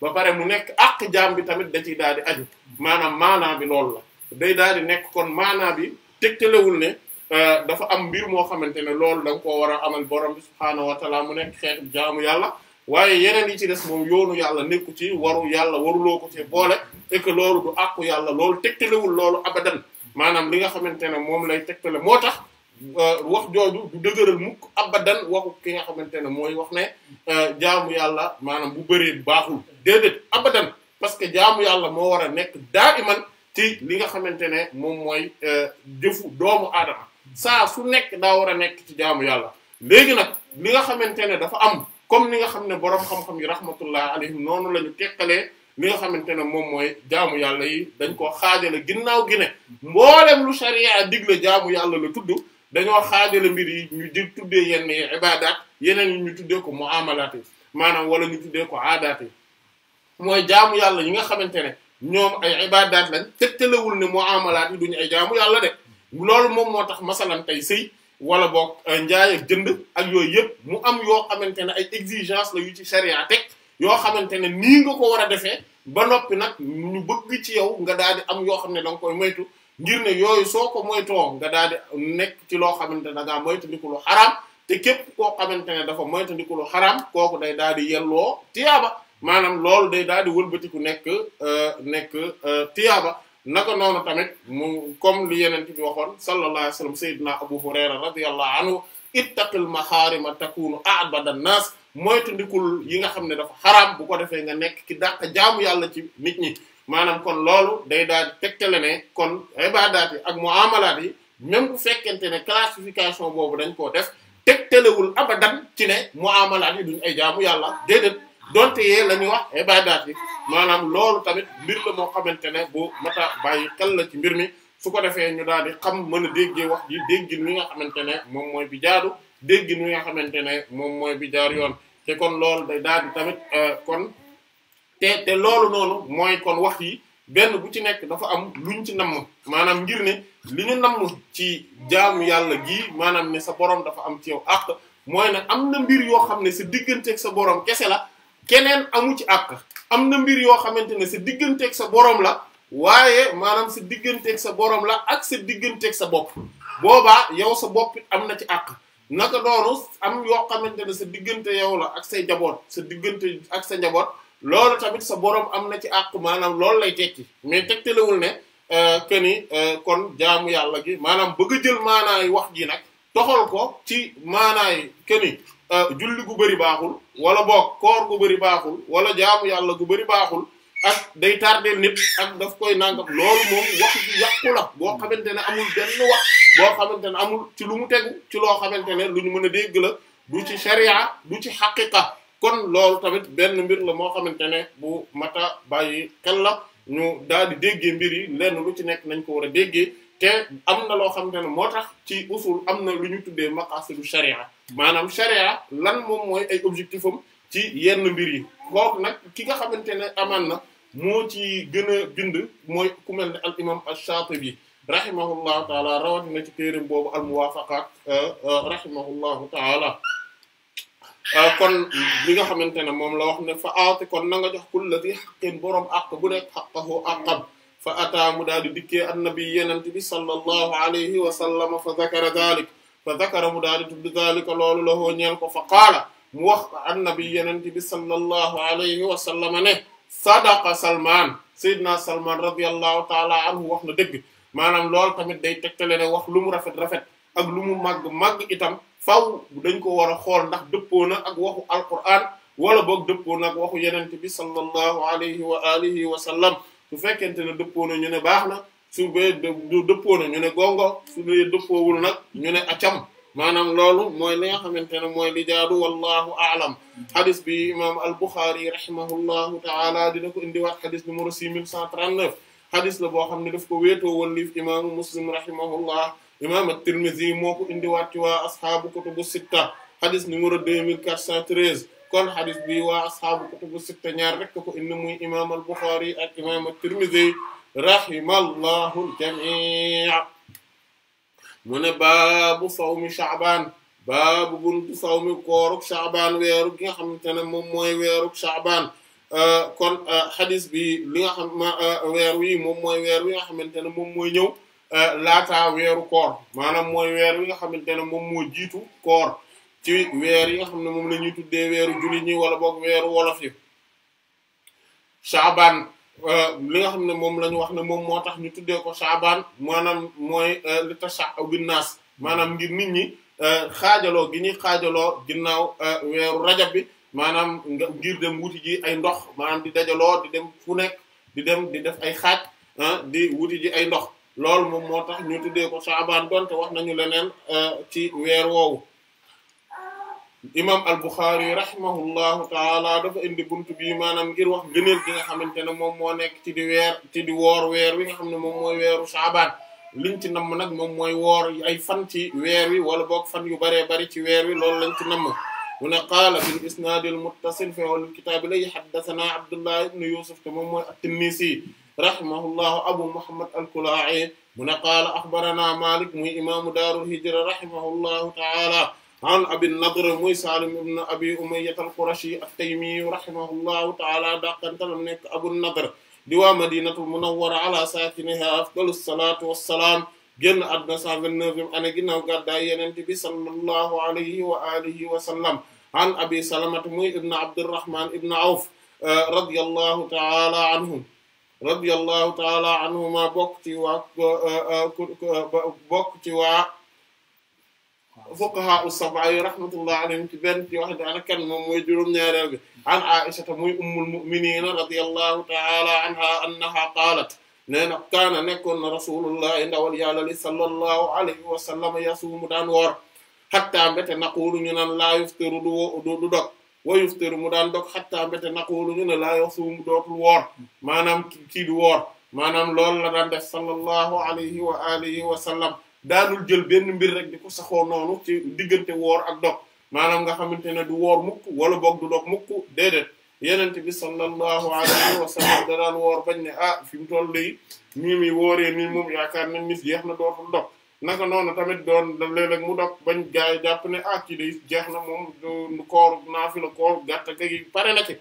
ba pare mu nekk àqu jaam bi tamit da ciy daal di aju maanaam maanaa bi loolu la day daal di nekk kon maanaa bi tegtalewul ne euh, dafa am mbir moo xamante ne loolu da nga koo war a amal borom bi subhaanahu wa mu nekk xeetu jaamu yàlla waaye yeneen yi ci des moom yoonu yàlla nekku ci waru yàlla waruloo ko ci boole et que loolu du àqu yàlla loolu tegtalewul loolu abadan maanaam li nga xamante ne moom lay tegtale moo tax euh, wax jooju du dëgëral mukk abadan waxu ki nga xamante ne mooy wax ne euh, jaamu yàlla maanaam bu bëree baaxul déedéet abadan parce que jaamu yàlla moo war a nekk daa iman ci li nga xamante ne moom mooy euh, jëfu doomu aadama saa su nekk daa war a nekk ci jaamu yàlla léegi nag li nga xamante ne dafa am comme ni nga xam ne boroom xam-xam yi rahmatullah alayhim noonu la ñu li nga xamante ne moom mooy jaamu yàlla yi dañ koo xaajale ginnaaw gi ne mboolem lu sharia digle jaamu yàlla la tudd dañoo xaajale mbir yi ñu di tuddee yenn yi yi ñu tuddee ko muamalaat yi maanaam wala ñu tuddee ko aadaat yi mooy jaamu yàlla yi nga xamante ne ñoom ay ibaadaat lañ tegtalewul ne muamalaat yi duñu ay jaamu yàlla de loolu moom moo tax masalan tey sëy wala boog euh, njaay ak jënd ak yooyu yëpp mu am yoo xamante ne ay exigence la yu ci charia teg yoo xamante ne ni nga ko war a defee ba noppi nag ñu bëgg ci yow nga daal di am yoo xam ne da nga koy moytu ngir ne yooyu soo ko moytoo nga daal di nekk ci loo xamante ne da ngaa moytandiku lu xaraam te képp koo xamante ne dafa moytandiku lu xaraam kooku day daal di yelloo tiyaaba maanaam lool day daal di wëlbatiku nekk euh, nekk euh, tiyaaba naka noonu tamit mu comme li yeneen bi waxoon sallallahu alayhi wa sallam sayyidina Abu Hurayra radiyallahu anhu ittaqil maharima takunu a'bada nas moytu ndikul yi nga xam ne dafa xaraam bu ko defee nga nekk ki dàq jaamu yàlla ci nit ñi maanaam kon loolu day daal di tegtale ne kon ibadaat yi ak muamalaat yi même bu fekkente ne classification boobu dañ koo def tegtalewul abadan ci ne mu muamalaat yi duñ ay jaamu yàlla déedéet donte yee la ñuy wax ibaadaat yi maanaam loolu tamit mbir la moo xamante ne bu mata bàyyi xel la ci mbir mi su ko defee ñu daal di xam mën a déggee wax ji déggin mi nga xamante ne moom mooy bi jaadu déggin mi nga xamante ne moom mooy bi jaar yoon te kon loolu day daal di tamit euh, kon te te loolu noonu mooy kon wax yi benn bu ci nekk dafa am luñ ci namm maanaam ngir ne li ñu namm ci jaamu yàlla gii maanaam ne sa borom dafa am ci yow àq mooy ne am na mbir yoo xam ne si digganteeg sa borom kese la keneen amu ci àq am na mbir yoo xamante ne sa digganteeg sa boroom la waaye maanaam sa digganteeg sa borom la ak sa digganteeg sa bopp boobaa yow sa bopp am na ci àq naka doonu am yoo xamante ne sa diggante yow la ak say njaboot sa diggante ak sa njaboot loolu tamit sa borom am na ci àq maanaam loolu lay tekki mais tegtalewul ne euh, que ni euh, kon jaamu yàlla gi maanaam bëgg a jël maanaayu wax ji nag toxal ko ci maanaay que ni Euh, julli gu bëri baaxul wala boog koor gu bëri baaxul wala jaamu yàlla gu bëri baaxul ak day tardeel nit ak daf koy nangam loolu moom wax ju yàqu la boo xamante ne amul benn wax boo xamante ne amul ci lu mu tegu ci loo xamante ne lu ñu mën a dégg la du ci sharia du ci xaqiqa kon loolu tamit benn mbir la moo xamante ne bu mata bàyyi xel la ñu daal di déggee mbir yi lenn lu ci nekk nañ ko war a déggee te am na loo xamante ne moo tax ci usul am na lu ñu tuddee maqasidu sharia maanaam sharia lan moom mooy ay objectif ci yenn mbir yi kooku nag ki nga xamante ne amaan na moo ci gën a bind mooy ku mel ne al imam ash-Shatibi rahimahullahu taala rawatina ci téeram boobu al muwaafaqaat euh, euh, rahimahullahu taala euh, kon li nga xamante ne moom la wax ne fa aati kon na nga jox kulla di xaqin boroom àq bu nekk xaqahu àqam fa ataamu daal di dikkee annabi yenente bi sallallahu alayhi wa sallama fa zakara dalik fa zakara mu daal di tudd zalika loolu la hoo ñeel ko fa qaala mu wax annabi yenent bi sallallahu alayhi wa sallama ne sadaqa salmaan sayyidina salmaan radiyallahu taala anhu wax na dëgg maanaam loolu tamit day tegtale ne wax lu mu rafet-rafet ak lu mu màgg màgg itam faw dañ ko war a xool ndax dëppoo na ak waxu alquran wala boog dëppoo na ak waxu yenent bi sallallahu alayhi wa alihi wa sallam su fekkente ne dëppoo na ñu ne baax na su bee dëppoo na ñu ne gongo su bee dëppoowul nag ñu ne acam maanaam loolu mooy li nga xamante ne mooy li jaadu wallahu aalam xadis bi imam al-Bukhari rahimahullahu taala dina ko indiwaat xadis numéro 6139 xadis la boo xam ne daf ko wéetoo woon liif imaamu muslim rahimahullah imam at-Tirmidhi moo ko indiwaat ci waa asxaabu kutubu sitta xadis numéro 2413 kon xadis bi waa asxaabu kutubu sitta ñaar rek ko indi muy imam al-Bukhari ak imam rahimallahu al-jamii mu ne baabu sawmi Sha'baan baabu buntu sawmi kooruk Sha'baan weeru ki nga xamante ne moom mooy weeruk Sha'baan euh, kon xadis euh, bi li nga xam euh, weer wi moom mooy weer wi nga xamante ne moom mooy ñëw laataa weeru koor maanaam mooy weer wi nga xamante ne moom moo jiitu koor ci weer yi nga xam ne moom la ñuy tuddee weeru jullit wala boog weeru wolof yi Sha'baan Euh, li nga xam ne moom la ñu wax ne moom moo tax ñu tuddee ko Shaabaan maanaam mooy euh, li tashaqqu binnaas maanaam ngir nit ñi euh, xaajaloo gi ñuy xaajaloo ginnaaw weeru rajab bi maanaam ngir dem wuti ji ay ndox maanaam di dajaloo di dem fu nekk di dem di def ay xaaj ah, di wuti ji ay ndox loolu moom moo tax ñu tuddee ko Shaabaan donte wax nañu leneen ci weer woowu imam al-Bukhari rahimahullahu taala dafa indi buntu bi maanaam ngir wax gëneel gi nga xamante ne moom moo ci di weer ci di woor weer wi nga xam ne moom mooy Sha'ban liñ ci namm nag moom mooy woor ay fan ci weer wi wala boog fan yu baree bari ci weer wi loolu lañ ci namm mu ne qaala bil isnaadil muttasil fi awwalil kitaabi lay haddathana Abdullah ibn Yusuf te moom at-Tinnisi rahimahullahu Abu Muhammad al-Kala'i mu ne akhbarana Malik muy imaamu daarul hijra rahimahullahu taala عن أبي النضر موي سالم بن أبي أمية القرشي التيمي رحمه الله تعالى داقن تلمنك أبو النضر ديوا مدينة المنورة على ساكنها أفضل الصلاة والسلام جن أدنى سابن نوفم أنا جنة وقال دايان انتبه صلى الله عليه وآله وسلم عن أبي سلمة موي ابن عبد الرحمن ابن عوف آه، رضي الله تعالى عنهم رضي الله تعالى عنهما بوكتي وا آه، آه، بوكتي وا فقهاء الصبعي رحمة الله عليهم تبنتي واحد أنا كان موجرم نيرابي عن عائشة موي أم المؤمنين رضي الله تعالى عنها أنها قالت نانا كان نكون رسول الله إن وليال صلى الله عليه وسلم يصوم دانور حتى بيت نقول ننا لا يفطر دو دو دو ويفطر مدان دو حتى بيت نقول ننا لا يصوم دو الور ما نام كي ما نام لول لا الله عليه واله وسلم daanul jël benn mbir rek di ko saxoo noonu ci diggante woor ak dog maanaam nga xamante ne du woor mukk wala boog du dog mukk déedéet yenent bi sallallahu alayhi wa sallam da woor bañ ne ah fi toll day nii mi wooree nii moom yaakaar nañ ni jeex na dootul dog naka noonu tamit doon da léeg mu dog bañ gaay jàpp ne ah kii day jeex na moom koor naafi la koor gàtta ka gi pare na ci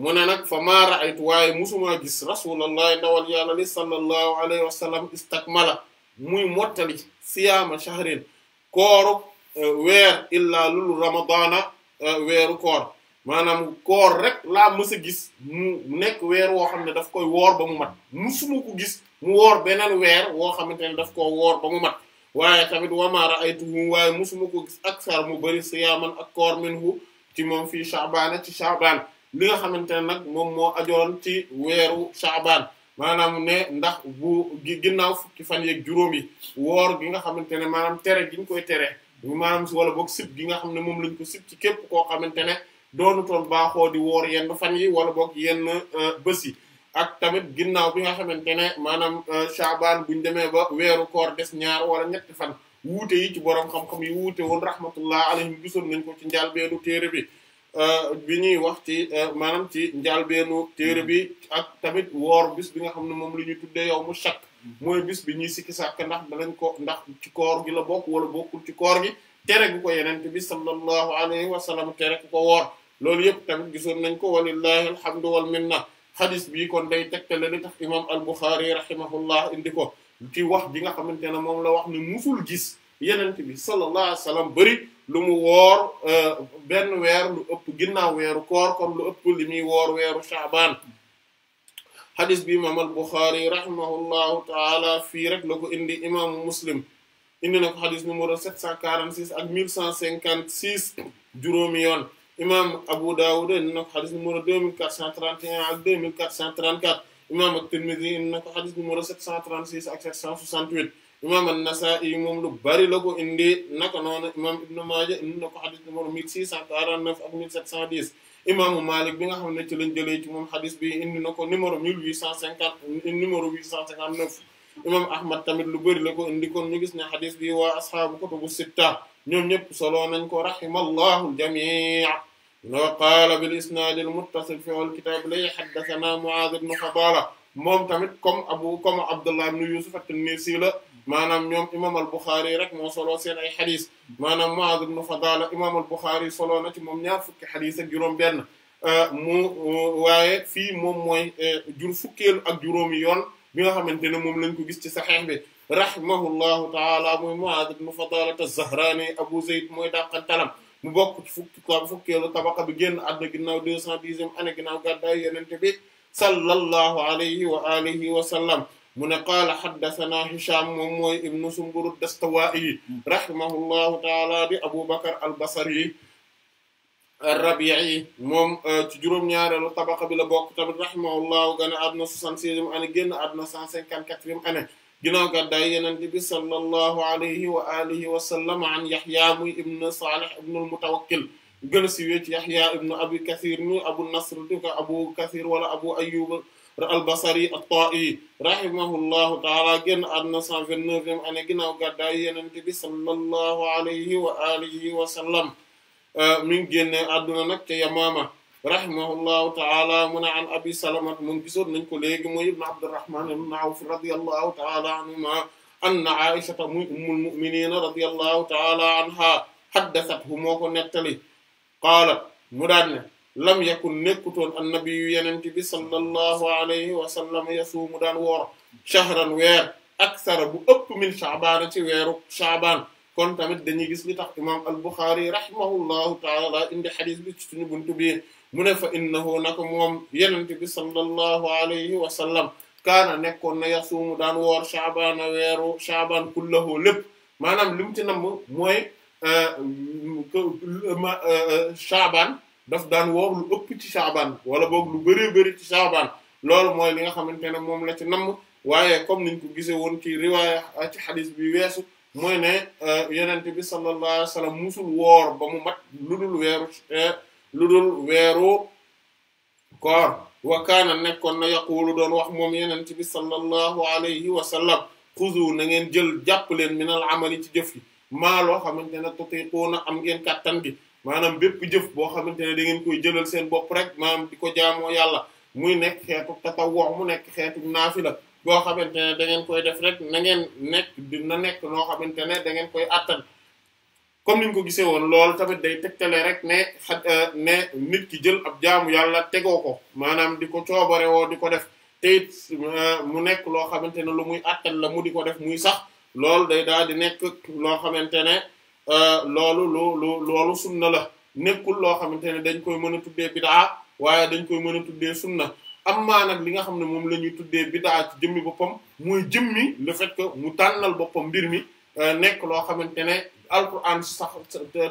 mu ne nag fa maa ra'aytu waaye musumaa gis rasulallahi ndawal yàlla muy mottali siyaama shahrin kooru eh, weer illa lulu ramadana eh, weeru koor maanaam koor rek la mës gis mu nekk weer woo xam ne daf koy woor ba mu mat musuma ko gis mu woor beneen weer woo xamante ne daf koo woor ba mu mat waaye tamit wama ra'aytuhu waaye musuma ko gis aksar mu bari siyaaman ak koor minhu ci moom fii Sha'baan ci Sha'baan li nga xamante ne nag moom moo ajoon ci weeru Sha'baan maanaam ne ndax bu ginnaaw fukki fan yeeg juróom yi woor gi nga xamante ne maanaam tere gi ñu koy tere si wala boog sib gi nga xam ne moom lañ ko sib ci képp koo xamante ne doonutoon baaxoo di woor yenn fan yi wala boog yenn euh, bés yi ak tamit ginnaaw bi nga xamante ne maanaam Shaabaan euh, buñ demee ba weeru koor des ñaar wala ñetti fan wuute yi ci borom xam-xam yi wuute woon rahmatullah alayhim gisoon nañ ko ci beenu téere bi Euh, bi ñuy wax ci euh, maanaam ci njàlbeenu téere bi ak tamit woor bis bi nga xam ne moom la ñuy tuddee yow mu chaq mooy bis bi ñuy sikki sàkk ndax danañ ko ndax ci koor gi la bokk wala bokkul ci koor gi tere gu ko yeneen bi sallallahu alayhi wa sallam tere ku ko woor loolu yëpp tamit gisoon nañ ko walillahi alhamdu wal minna xadis bii kon day tegtale li tax imam al Bukhari rahimahullah indi ko ci wax ji nga xamante ne moom la wax ne musul gis yenent bi sallallahu alayhi wa sallam bëri lu mu woor euh, benn weer lu ëpp ginnaaw weeru koor comme lu ëpp li muy woor weeru Sha'ban xadis bi imaam al Buxaari rahimahullahu taala fii rek la ko indi imaamu Muslim indi na ko xadis numéro 746 ak 1156 juróomi yoon imaam Abu Dawud indi na ko xadis numéro 2431 ak 2434 imaam at-Tirmidhi indi na ko xadis numéro 736 ak imam an-Nasa'i moom lu bari la ko indi naka noonu imam Ibn Maaja indi na ko xadis numéro 1649 ak 1710 imaamu Malik bi nga xam ne ci lañ jëlee ci moom xadis bi indi na ko numéro 1850 numéro 859 imam Ahmad tamit lu bari la ko indi kon ñu gis ne xadis bi waa ashaabu kutubu sitta ñoom ñëpp solo nañ ko rahimallahu al-jamii' wa qaala bil isnaad al-muttasil fi al-kitaab li haddathanaa Mu'aaz ibn Fadaala moom tamit comme abu comme Abdullah ibn Yusuf at-Tinnisi la manam ñom imam al Bukhari rek mo solo seen ay hadith manam Mu'aaz ibn fadal imam al Bukhari solo na ci mom ñaar fukki hadith ak juróom-benn mu waaye fii moom mooy jur fukkel ak juroom yoon bi nga xamantene mom lañ ko gis ci sahih bi rahimahullahu taala mooy Mu'aaz ibn fadal az zahrani Abu Zayd daqan talam mu bok ci fukki ko fukkel tabaka bi génn àdduna ginnaaw 210e ane année gadda gàddaay Yonent bi sallallahu alayhi wa alihi wa sallam mu ne qaala xaddasanaa Hicham moom mooy ibnu Sumbur ad-Dastawaa'i rahimahullahu taala di Aboubacar al-Basri ar-Rabi'i moom ci juróom-ñaareelu tabaqa bi la bokk tamit rahimahullahu gane àdduna 66e année génn àdduna 154e année ginnaaw gàddaay Yonent bi sallallahu alayhi wa alihi wa sallam an Yahya muy ibnu Salih ibnu al-Mutawakkil gën a siiwee ci Yahya ibnu Abi Kathir muy Abu Nasr di ko Abu Kathir wala Abu Ayyub al-Basri at-Ta'i rahimahullahu ta'ala génn àdduna 129e année ginnaaw gàddaay Yonent bi sallallahu alayhi wa alihi wa sallam euh, mi ngi génne àdduna nag ca Yamama rahimahullahu ta'ala mu ne an Abi Salama moom gisoon nañ ko léegi mooy ibn Abdurrahman ibn Awf radiyallahu ta'ala anhuma anna Aishata muy ummul mu'minina radiyallahu ta'ala anha haddathathu moo ko nettali qaala mu daan ne lam yakun nekkutoon annabiyu yenente bi sallallahu alayhi wa sallam yasuumu daan woor shahran weer aksara bu ëpp min shaabaana ci weeru shaabaan kon tamit dañuy gis li tax imam al-Bukhari rahimahullahu taala indi xadis bi ci suñu buntu bi mu ne fa innahu naka moom yenente bi sallallahu alayhi wa sallam kaana nekkoon na yasuumu daan woor shaabaana weeru shaabaan kullahu lépp maanaam limti namm mooy shaabaan daf daan woor lu ëpp ci saabaan wala boog lu bëree bëri ci saabaan lool mooy li nga xamante ne moom la ci namm waaye comme niñ ko gisee woon ci riwaaya ci xadis bi weesu mooy ne euh, yenente bi sallallahu alayhi wa sallam musul woor ba mu mat lu dul weeru euh, lu dul weeru koor wa kaana nekkoon na yaquulu doon wax moom yenente bi sallallahu alayhi wa sallam xuzu na ngeen jël jàpp leen minal amali ci jëf yi maa loo xamante ne tutiquuna am ngeen kàttan gi maanaam bépp jëf boo xamante ne da ngeen koy jëlal seen bopp rek maanaam di ko jaamoo yàlla muy nekk xeetu tatawwu mu nekk xeetu naafila boo xamante ne da ngeen koy def rek na ngeen nekk dina nekk noo xamante ne da ngeen koy attan comme niñ ko gisee woon loolu tamit day tegtale rek ne xat euh, ne nit ki jël ab jaamu yàlla tegoo ko maanaam di ko coobare woo di ko def te euh, mu nekk loo xamante ne lu muy attan la mu di ko def muy sax loolu day daal di nekk loo xamante ne. Euh, loolu lu lu loolu sunna la nekkul loo xamante ne dañ koy mën a tuddee bid'a waaye dañ koy mën a tuddee sunna amma nag li nga xam ne moom la ñuy tuddee bid'a ci jëmmi boppam mooy jëmmi le fait que mu tànnal boppam mbir mi euh, nekk loo xamante ne alquran sax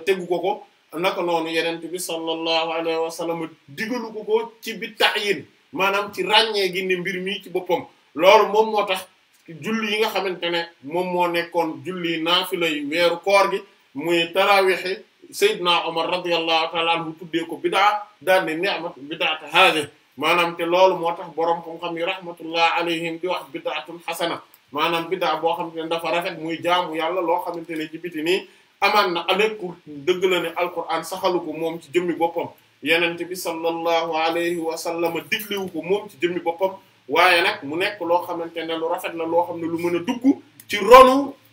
tegu ko ko naka noonu yenent bi sallallahu alayhi wa sallam digalu ko ko ci bi ta'yin maanaam ci ràññee gi ne mbir mi ci boppam loolu moom moo tax julli yi nga xamante ne moom moo nekkoon julli naafila yu weeru koor gi muy tarawixi Seydina Omar radiyallahu taala anhu tuddee ko bidaa daal ne ni'mat bidaat haade maanaam te loolu moo tax borom xam-xam yi rahmatullah alayhim di wax bidaatun xasana maanaam bidaa boo xamante ne dafa rafet muy jaamu yàlla loo xamante ne ci biti nii amaan na alekku dëgg la ne alquran saxalu ko moom ci jëmmi boppam yenente bi sallallahu alayhi wa sallama digliwu ko moom ci jëmmi boppam waaye nag mu nekk loo xamante ne lu rafet la loo xam ne lu mën a dugg ci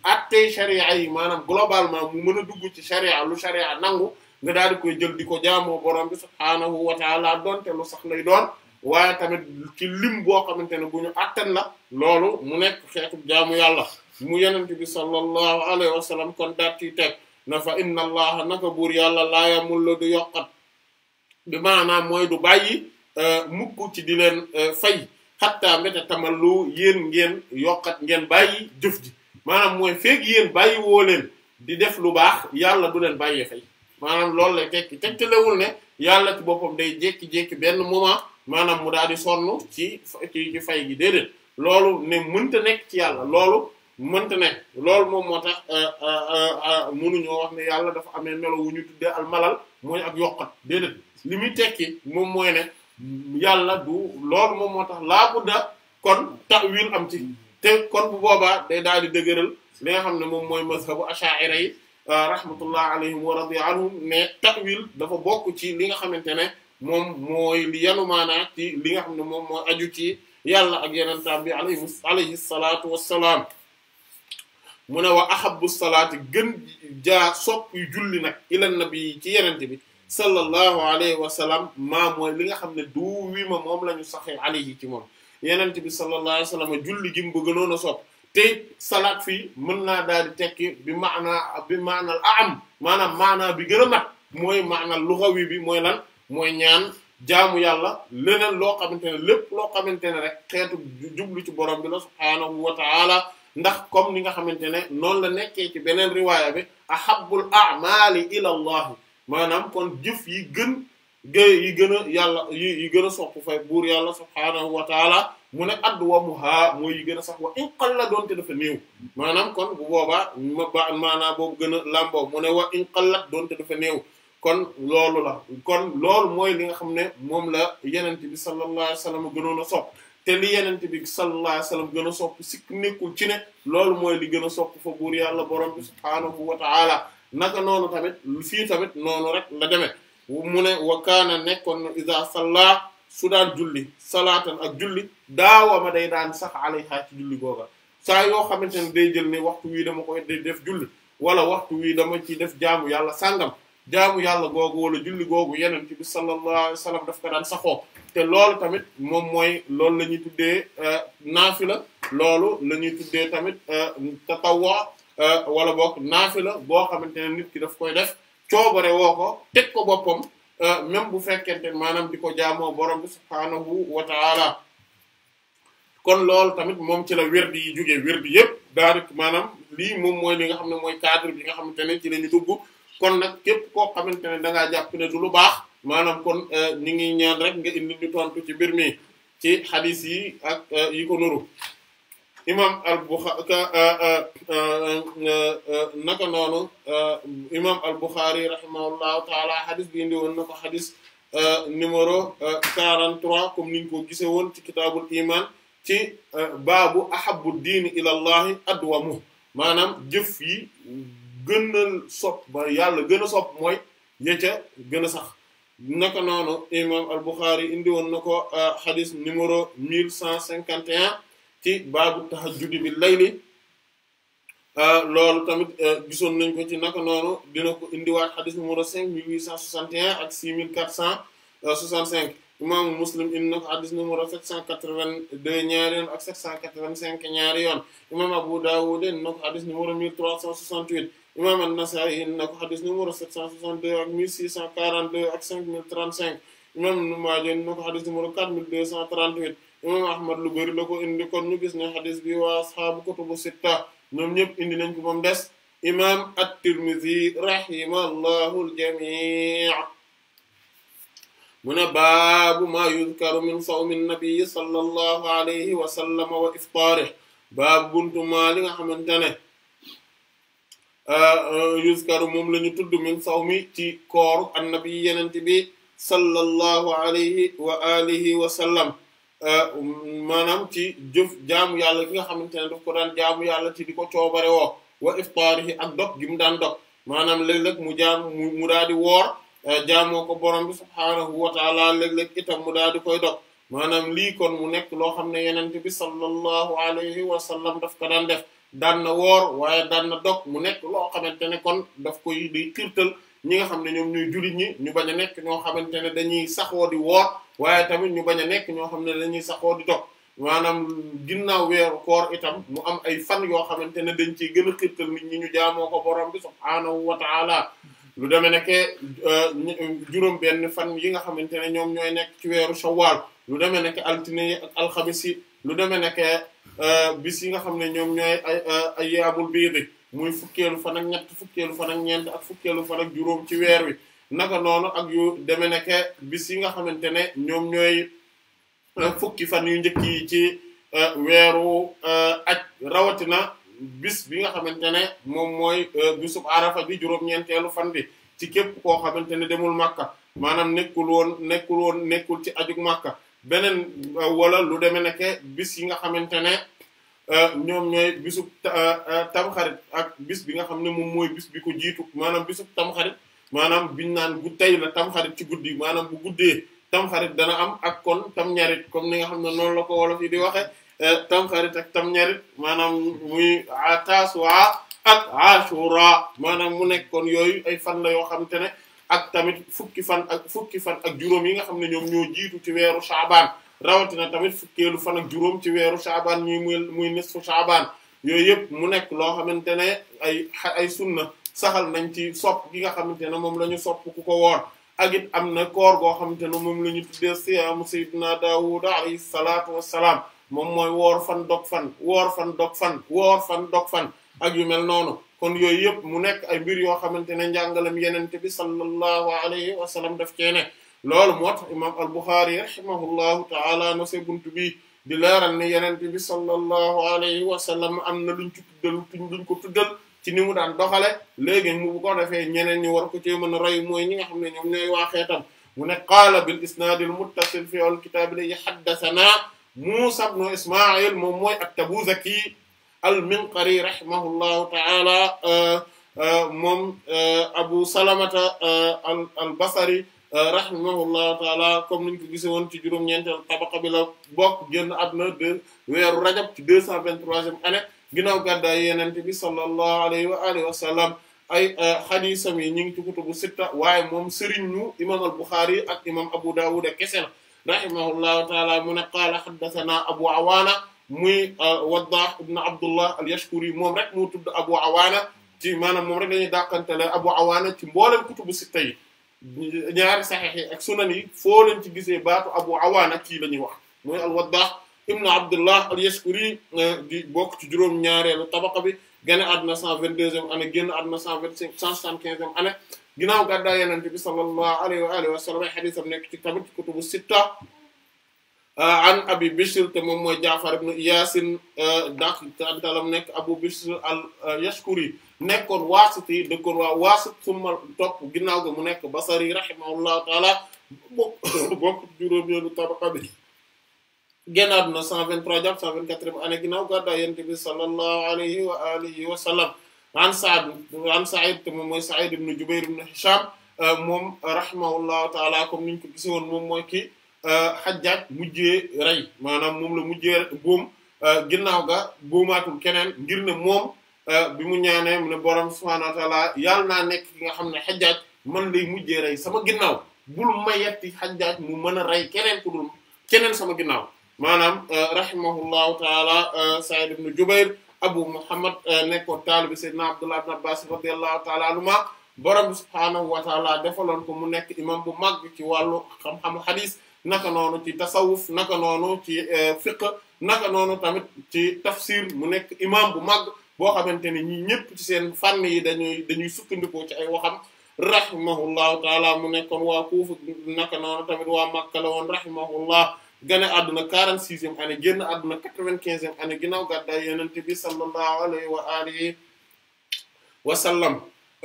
attey sharia yi maanaam globalement mu mën a dugg ci sharia lu sharia nangu nga daal di koy jël di ko jaamoo borom bi subhaanahu wa taala doonte sax lay doon waaye tamit ci lim boo xamante ne bu ñu atten la loolu mu nekk xeetu jaamu yàlla mu yenent bi sallallahu alayhi wa sallam kon daat na fa inna allaha naka buur yàlla laayamul la du yokkat bi maanaam mooy du bàyyi euh, mukk ci di leen euh, fay xattaa mbéta tamallu yéen ngeen yokkat ngeen bàyyi jëf ji maanaam mooy feeg yéen bàyyi woo leen di def lu baax yàlla bu leen bàyyi fay maanaam loolu lay tekki tegtalewul ne yàlla ci boppam day jékki-jékki benn moment maanaam mu daal di sonn ci ci fay gi déedéet loolu ne mënta nekk ci yàlla loolu mënta nekk loolu moom moo tax euh, euh, euh, mënuñoo wax ne yàlla dafa amee melo wu ñu tuddee almalal mooy ak yokkat déedéet li muy tekki moom mooy ne yàlla du loolu moom moo tax laa budda kon ta'wil am ci te kon bu boba day daal di dëgëral li nga xam ne moom mazhabu ash'ari yi rahmatullah alayhim wa radiya anhum mais ta'wil dafa bokku ci li nga xamantene mom moy li yanu mana ci li nga xamné mom mo aju ci yàlla ak yenen tabbi alayhi salatu wassalam wassalaam wa ahabbu salati gën ja sop yu julli nak ila nabi ci yenen bi sallallahu alayhi wa sallam maa mooy li nga xamné du duuwi mom lañu saxé alayhi ci mom yenent bi sallallahu alayhi wasallam julli gi mu gënoon a sopp te salaat fii mën naa daal di tekki bi maanaa bi maanal am maanaam maanaa bi gën a mat mooy maanal luxawi bi mooy lan mooy ñaan jaamu yàlla leneen loo xamante ne lépp loo xamante ne rek xeetu jublu ci borom bi la subhaanahu wa ta'ala ndax comme ni nga xamante ne noonu la nekkee ci beneen riwaaya bi ahabbul a'maali ila allah maanaam kon jëf yi gën géey yi gën yàlla yi yi gën fay buur yàlla subhanahu wa taala mu ne addu wa muha moy yi gën a sax wa in qalla donte dafa new manam kon bu boobaa ba maanaam boobu gën a làmboo mu ne wa in qalla donte dafa new kon loolu la kon loolu moy li nga xamne mom la yenent bi sallallahu alayhi wasallam sallam gënoon sopp te li yenent bi sallallahu alayhi wasallam sallam gën a sopp sikk nekkul ci ne loolu moy li gën a sopp fa bur yàlla borom subhanahu wa taala naka nonu tamit fi tamit nonu rek la demee mu ne wa kaana nekkoon na iza salla su daan julli salaatan ak julli ma day daan sax alayha ci julli googa saa yoo xamante ne day jël ne waxtu wii dama koy def julli wala waxtu wii dama ci def jaamu yàlla sàngam jaamu yàlla googu wala julli googu yeneen ci bi sallallahu alayhi wa sallam daf ko daan saxoo te loolu tamit moom mooy loolu la ñuy tuddee euh, naafila loolu la ñuy tuddee tamit euh, tatawwa euh, wala boog naafila boo xamante ne nit ki daf koy def coobare woo ko teg ko boppam euh, même bu fekkente maanaam di ko jaamoo borom bi subhaanahu wa taala kon loolu tamit moom ci la wérdi yi jógee wérdi yëpp daanaka maanaam lii moom mooy li nga xam ne mooy cadre bi nga xamante ne ci la ñu dugg kon nag képp koo xamante ne da ngaa jàpp ne du lu baax maanaam kon euh, ñu ngi ñaan rek nga indi ñu tontu ci bir mi ci xadis yi ak euh, yi ko nuru imam al Buxaari eh, eh, eh, naka noonu imam al Buxaari rahimahullahu taala xadis bi indi woon na ko xadis numéro 43 comme niñ ko gisee woon ci kitaabul iman ci babu ahabu diini ila allahi adwamu maanaam jëf yi gën a sopp ba yàlla gën a sopp mooy a sax naka noonu imam al Buxaari indi woon na ko xadis numéro 1151 ci baabu bi bil layli ah, loolu tamit eh, gisoon nañ ko ci naka noonu dina ko indiwaat xadis numéro cinq mille huit cent soixante et un ak six mille quatre cent eh, soixante cinq imaamu muslim indi na ko xadis numéro sept cent quatre vingt deux ñaari yoon ak sept cent quatre vingt cinq ñaari yoon imaam abu daawud indi na ko xadis numéro mille trois cent soixante huit imaam an-nasaa'i indi na ko xadis numéro sept cent soixante deux ak mille six cent quarante deux imam ahmad lu bari la ko indi kon ñu gis ne xadis bi waa asxaabu kutubu sitta ñoom ñëpp indi nañ ko moom des imam at-tirmidhi rahimallahu al-jami' mu ne baabu maa yudkaru min sawmi nabiyi sallallahu alayhi wa sallam wa iftaarih baabu buntu maa li nga xamante ne yuzkaru moom la ñu min sawmi ci kooru annabi yenente bi sallallahu alayhi wa alihi wa sallam Euh, maanaam ci jëf jaamu yàlla gi nga xamante ne daf ko daan jaamu yàlla ci di ko coobare woo wa iftaarihi ak dog gi mu daan dog maanaam léeg-léeg mu jaam mu mu daal di woor euh, jaamoo ko borom bi subhaanahu wa taala léeg-léeg itam mu daal di koy dog maanaam lii kon mu nekk loo xam ne yenente bi sallallahu alayhi wa sallam daf ko daan def daan na woor waaye daan na dog mu nekk loo xamante ne kon daf koy di xirtal ñi nga xam ne ñoom ñooy juli ñi ñu bañ a nekk ñoo xamante ne dañuy saxoo di woor waaye tamit ñu bañ a nekk ñoo xam ne dañuy saxoo di dog maanaam ginnaaw weeru koor itam mu am ay fan yoo xamante ne dañ ciy gën a xirtal ñu jaamoo ko borom bi subhaanahu wa lu demee nekke euh, juróom benn yi nga xamante ne ñoom ñooy nekk ci weeru shawwal lu demee nekke altine yi ak alxamis lu demee nekke euh, bis yi nga xam ne ñoom ñooy ay euh, ay yaabul biir muy fukkeelu fan ak ñett fukkeelu fan ak ñeent fukkeelu fan juróom ci weer wi naka noonu ak yu deme neke bis yi nga xamante ne ñoom ñooy euh, fukki fan yu njëkk yi ci euh, weeru euh, ak rawatina bis bi nga xamante ne moom mooy bisub arafa bi juróom-ñeenteelu fan bi ci képp koo xamante ne demul màkka maanaam nekkul woon nekkul woon nekkul ci ajug màkka beneen wala lu deme neke bis yi nga xamante ne Euh, ñoom ñooy bisub euh, euh, tamxarit ak bis bi nga xam ne moom mooy bis bi ko jiitu maanaam bisub tamxarit maanaam biñ naan bu tey la tamxarit ci guddi maanam bu guddee tamxarit dana am ak kon tamñarit comme ni nga xam ne noonu la ko wolof yi di waxee tamxarit ak tamñarit maanaam muy tasuwaa ak ashura maanaam mu nekk yooyu ay fan la yoo xamante ne ak tamit fukki fan ak fukki fan ak juróom yi nga xam ne ñoom ñoo jiitu ci weeru saabaan rawatina tamit fukkeelu fan ak juróom ci weeru Shaaban ñuy muy muy nisfu Shaaban yooyu yëpp mu nekk loo xamante ne ay ay sunna saxal nañ ci sopp gi nga xamante ne moom la ñu sopp ku ko woor ak am na koor goo xamante ne moom la ñu tuddee siyaamu sayyidina Daawuda alayhi salaatu wassalaam moom mooy woor fan dog fan woor fan dog fan woor fan dog ak yu mel noonu kon yooyu yëpp mu nekk ay mbir yoo xamante ne njàngalem yenente bi sallallahu alayhi wa sallam daf cee ne loolu mot imam al-Bukhari rahimahullahu ta'ala no se buntu bi di leral ni yenen bi sallallahu alayhi wa sallam am na luñ ci tuddal duñ ko tuddal ci ni mu daan doxale legi mu bu ko defé ñeneen ñi war ko ci mëna roy moy ñi nga xamne ñom ñoy wa xétam mu ne qala bil isnad al muttasil fi al kitab li haddathanaa musa ibn isma'il mom moy at-Tabuzaki al-Minqari rahimahullahu ta'ala mom Abu Salamata al-Basri rahimahullahu taala comme niñ ko gise woon ci juróom-ñeenteel tabaqa bi la bokk génn àdduna de weeru rajab ci de cent vingt-troisième année ginnaaw gàddaay yenente bi sallallahu alayhi wa alihi wa sallam ay euh, xadiisam yi ñu ngi ci kutubu sitta waaye moom sëriñ ñu imam al-Bukhari ak imam Abu Dawud kese la rahimahullahu taala mu ne qaala haddathana Abu Awaana muy euh, Waddah ibn Abdullah al-Yashkuri moom rek mu tudd Abu Awaana ci maanaam moom rek dañuy dàqantele Abu Awaana ci mboolem kutubu sitta yi ñaari saxiix yi ak sunan yi foo leen ci gisee baatu abu awaana kii la ñuy wax mooy alwaddaax ibnu abdullah al-Yashkuri di bokk ci juróom ñaareelu tabaqa bi gane àdduna cent vingt-deuxième année génn àdduna cent vingt-cinq cent soixante-quinzième année ginnaaw gàddaay Yonent bi sallallahu alayhi wa alihi wa sallam ay xadiisam nekk ci tamit ci kutubu sitta an abi Bishr te moom mooy Jaafar ibnu Iyaasin daq talam nekk abu Bishr al nekkoon waasit yi dëkkoon waasit topp ginnaaw ga mu nekk basari rahimahullahu taala bokk *coughs* bokk juróomeelu tabaqa bi génnaat na 123 jàpp 124 année ginnaaw gàddaay yonent bi sallallahu alayhi wa alihi wa sallam an Sa'd an Sa'id te moom mooy Sa'id ibn Jubayr ibn Hisham euh, moom rahimahullahu taala comme niñ ko gise woon moom mooy ki euh, Hajjaj mujjee rey maanaam moom la mujjee boom euh, ginnaaw ga boomaatul keneen ngir ne moom Euh, bi mu ñaanee mu ne borom subhaanahu yal taala naa nekk ki nga xam ne xajjaaj man lay mujjee rey sama ginnaaw bul mayetti xajjaaj mu mën a rey keneen ku dul keneen sama ginnaaw maanaam euh, rahimahullahu taala euh, Saïd ibn Jubayr Abu Muhammad nekkoon taalibi Seydina Abdullah ibn Abbas radiyallahu taala anhuma borom bi subhaanahu wa taala defaloon ko mu nekk imam bu mag ci wàllu xam-xamu xadis naka noonu ci tasawuf naka noonu ci fiqh naka noonu tamit ci tafsir mu nekk imam bu mag boo xamante ne ñi ñëpp seen fànn yi dañuy dañuy sukkandikoo ci ay waxam rahimahullahu taala mu nekkoon waa Kuufa naka noonu tamit waa Makka la woon rahimahullah gane àdduna 46e année génn àdduna 95e année ginnaaw gàddaay yonent bi sallallahu alayhi wa alihi wa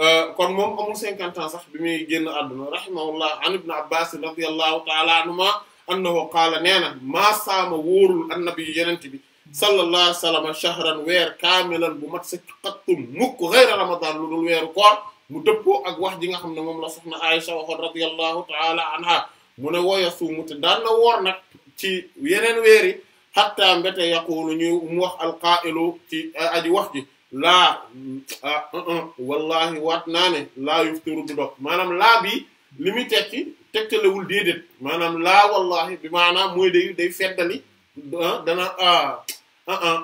euh, kon moom amul 50 sax bi muy génn àdduna rahimahullah an ibn abbas radiyallahu taala anhuma annahu qaala nee na maa saama wóorul annabi yonent bi sallallahu alayhi wa sallam shahran weer kaamilan bu mat sëkk xattum mukk a ramadan lu dul weeru koor mu dëppoo ak wax ji nga xam ne moom la soxna Aisha waxoon radiyallahu ta'ala anha mu ne wooya mu te daan na woor nag ci yeneen weer yi hatta yaqulu ñu mu wax alqaa'ilu ci euh, aji wax ji laa euh, euh, wallahi waat naa ne laa yuftiru du dog maanaam la bi li muy tekki tegtalewul déedéet maanaam laa wallahi bi maanaam mooy day feddali dana ah ah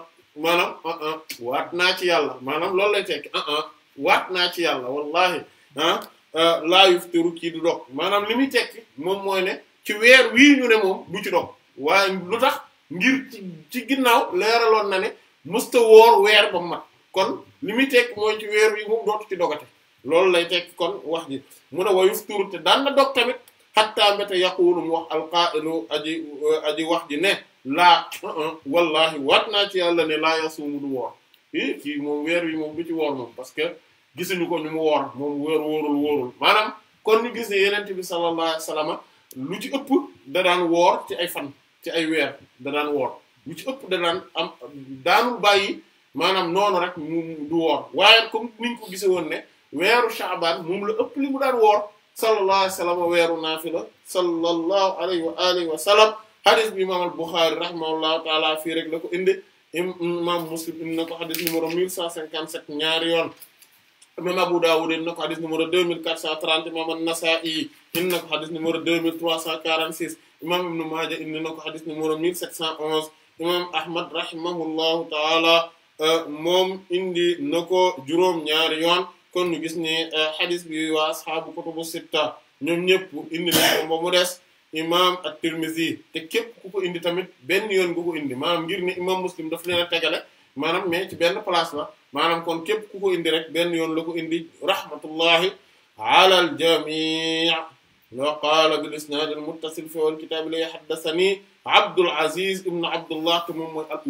maanaam uh-uh. waat naa ci yàlla maanaam loolu lay tekki ah waat naa ci yàlla wallahi ah uh, laa yuftiru kii du dog maanaam li muy tekki moom mooy ne ci weer wii ñu ne moom du ci dog waaye lu tax ngir ci ginnaaw leeraloon na ne musta woor weer ba mat kon li muy tekki mooy ci weer wii moom dootu ci dogate loolu lay tekki kon wax ji mu ne wa yuftiru te daan dog tamit xattaa mbéte yaqulu mu wax alqaa'ilu aji wax ji ne laa uh-uh, wallahi waat naa ci yàlla ne laa yasumu du woor eh, i ci moom weer wi moom du ci woor moom parce que gisuñu ko ñu mu woor moom weer wóorul wóorul maanaam kon ñu gis ne yenent bi sallallahu alayhi wasallam lu ci ëpp da daan woor ci ay fan ci ay weer da daan woor lu ci ëpp da daan am daanul bàyyi maanaam noonu rek mu du woor waaye comme niñ ko gise woon ne weeru sha'ban moom la ëpp li mu daan woor sallallahu alayhi wasallam weeru naafila sallallahu alayhi wa alihi wa sallam xadis bi imaam al-Bukhari rahimahullahu taala fii rek la indi imaam Muslim indi na ko xadis numéro 1157 ñaari yoon imaam Abu Dawud indi na ko xadis numéro 2430 imaam an-Nasa'i indi na ko xadis numéro 2346 imaam Ibn Maaja indi na ko xadis numéro 1711 imaam Ahmad rahimahullahu taala euh, moom indi na ko juróom ñaari yoon kon ñu gis ni xadis euh, bi waa asxaabu kutubu sitta ñoom ñëpp indi na ko mu des. imam at-Tirmidhi te képp ku ko indi tamit benn yoon nga indi maanaam ngir ne imam Muslim daf leen a tegale maanaam mais ci benn place la maanaam kon képp ku ko indi rek benn yoon la indi rahmatullahi ala al-jami' wa qaala bil isnad al-muttasil fi al-kitab li haddathani Abdul Aziz ibn Abdullah te moom mooy al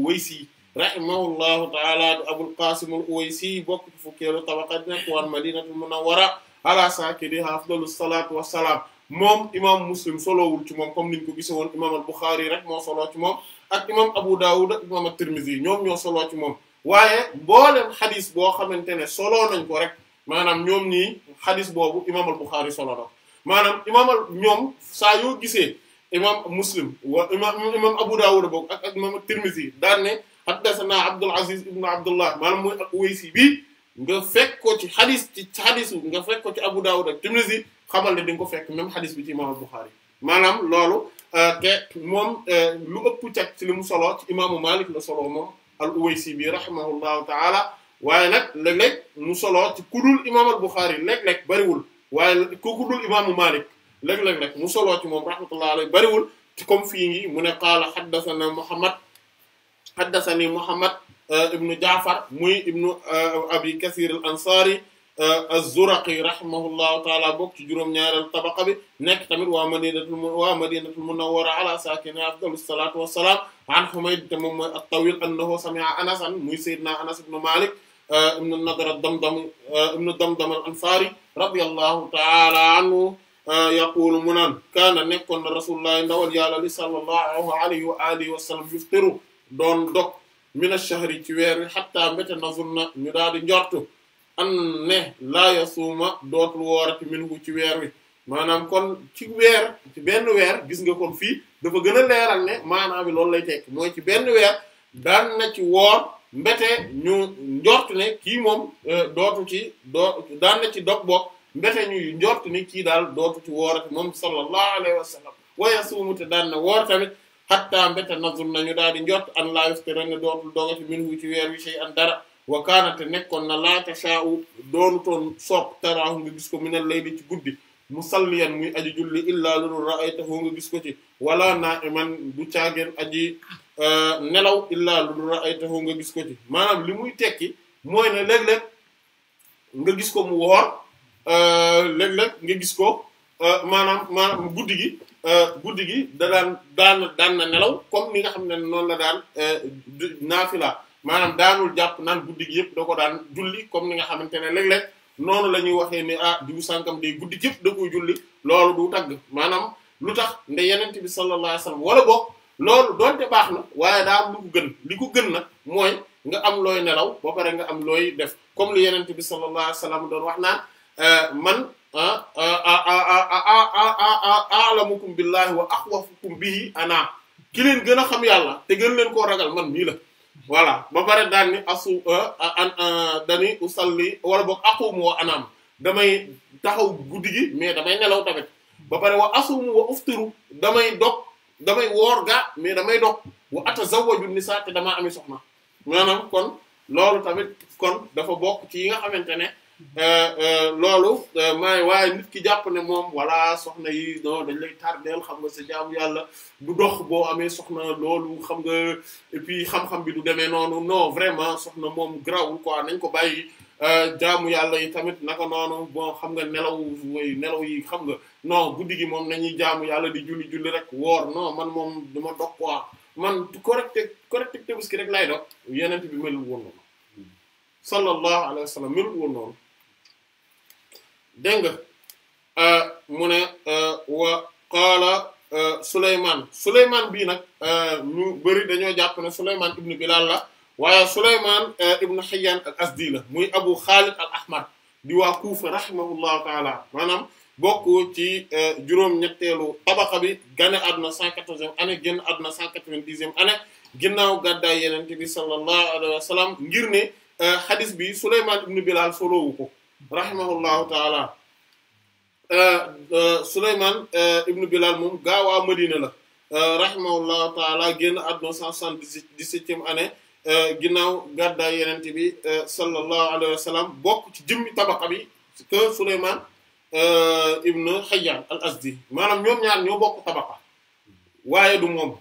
rahimahullahu ta'ala Abul Qasim al-Uwaysi bokk fukkeelu tabaqa nekk waan Madinatul Munawwara ala saakiniha afdalu salaatu wa salaam moom imam muslim solowul ci moom comme niñ ko gise woon imam al buxaari rek moo solo ci moom ak imam abu dawud ak imam at ñoom ñoo solo ci moom waaye booleen xadis boo xamante ne soloo nañ ko rek maanaam ñoom nii xadis boobu imam al buxaari solo na maanaam imam al ñoom saa yoo gisee imam muslim wa imam imam abu dawud boobu ak ak imam at-tirmidhi daan ne haddathana abdul aziz ibnu abdullah maanaam mooy ak uwaysi bi nga fekk ko ci xadis ci xadis nga fekk ko ci abu dawud ak tirmidhi xamal ne di nga ko fekk même hadith bi ci imam bukhari manam lolu te mom lu ëpp cag ci limu solo ci imam malik la solo mom al uwaisi bi rahimahullahu taala waye nak léeg-léeg mu solo ci kudul imam al-Buxaari leeg bari wul waye ku kudul imam malik leg leg nak mu solo ci moom rahmatullahi alayhi wul ci comme fi ngi mu ne qala hadathana Muhammad hadathani Muhammad ibnu jafar muy ibnu Abi Kasir al ansari الزرقي رحمه الله تعالى بوك تي جوروم نيارال طبقه بي نيك تاميت وا مدينه وا مدينه المنوره على ساكن افضل الصلاه والسلام عن حميد تمم الطويل انه سمع انس مولى سيدنا انس بن مالك آه، ابن النضر الدمدم آه، ابن الدمدم الانصاري رضي الله تعالى عنه آه، يقول من كان نكون رسول الله ندول يا الله صلى الله عليه واله وسلم يفطر دون دوك من الشهر تي حتى متى نظن ني دادي an ne laa yasuuma dootul woorati minhu ci weer wi maanaam kon ci weer ci benn weer gis nga kon fii dafa gën a leeral ne maanaam bi loolu lay tekk mooy ci benn weer daan na ci woor mbete ñu njort ne kii moom euh, dootu ci doo daan na ci dog bokk mbete ñu njort ni kii daal dootu ci woorati moom sallallahu alayhi wa sallam wa yasuumu te daan na woor tamit hatta mbete nazul nañu daal di njort an laa yaftirana dootul dogati minhu ci weer wi shay an dara wa kanata nekkon na laata sha'u doonu toon sop taraahu nga gis ko minel leydi ci guddi musalliyan muy aji julli illa lulu ra'aytahu nga gis ko ci wala na'iman du caagen aji e, nelaw illa lulu ra'aytahu nga gis ko ci maanaam li muy tekki mooy ne léeg-léeg nga gis ko mu woor e, léeg-léeg nga gis ko e, maanaam maanaam guddi gi guddi gi da daan daan daan na nelaw comme ni nga xam ne noonu la daan naafi laa maanaam daanul jàpp naan guddi gi yëpp da ko daan julli comme ni nga xamante ne léeg-léeg noonu la ñuy waxee ni ah diwu sànkam day guddi yëpp da koy julli loolu du tagg maanaam lu tax nde yenent bi sallallahu alayhi wasallam wala boog loolu donte baax na waaye daa am lu ko gën li ko gën nag mooy nga am looy nelaw boo pare nga am looy def comme li yenent bi sallallahu alayhi wasallam doon wax naan man a'lamukum billahi wa bi bihi ana ki leen gën a xam yàlla te gën leen koo ragal man mii la voilà ba pare daal ni asu euh, dani usalli wala boog aqumu wa anam damay taxaw guddi gi mais damay nelaw tamit ba pare wa asumu wa uftiru damay dog damay woor ga mais damay dog wa atazawwaju nisaa te dama ami soxna maanaam kon loolu tamit kon dafa bokk ci yi nga xamante ne Euh, euh, loolu euh, maay waaye nit ki jàpp ne moom wala soxna yi non dañ lay tardeel xam nga sa jaamu yàlla du dox boo amee soxna loolu xam nga et puis xam-xam bi du demee noonu no vraiment soxna moom grawul quoi nañ ko bàyyi jaamu yàlla yi tamit naka noonu bon xam nga nelaw mooy nelaw yi xam nga non guddi gi moom nañuy jaamu yàlla di julli julli rek woor non man moom duma dog quoi man correcte correcte ki rek lay dog yeneen bi melul woon noonu sallallahu alayhi dégg nga euh, mu ne euh, wa qaala euh, Souleymane Souleymane bii nag ñu bëri dañoo jàpp ne Souleymane ibn Bilal la waaye Souleymane ibn Hayyan al Asdi la muy Abu Khalid al Ahmar di waa Kufa rahimahullahu taala maanaam bokk ci juróom-ñetteelu tabaqa bi gane àdduna cent e année génn àdduna 190e année ginnaaw gàddaay Yonent bi sallallahu alayhi wa sallam ngir ne hadith bi Souleymane ibn Bilal solowu ko. rahimahullahu taala euh, euh, Souleymane euh, ibnu Bilal moom gaa waa Madina la rahimahullahu taala génn àdduna cent soixante-dix-septième année ginnaaw gàddaay yenente bi sallallahu alayhi wa bokk ci jëmmi tabaqa bi que Souleymane ibnu Hayyan al Azdi maanaam ñoom ñaar ñoo bokk tabaqa waaye du moom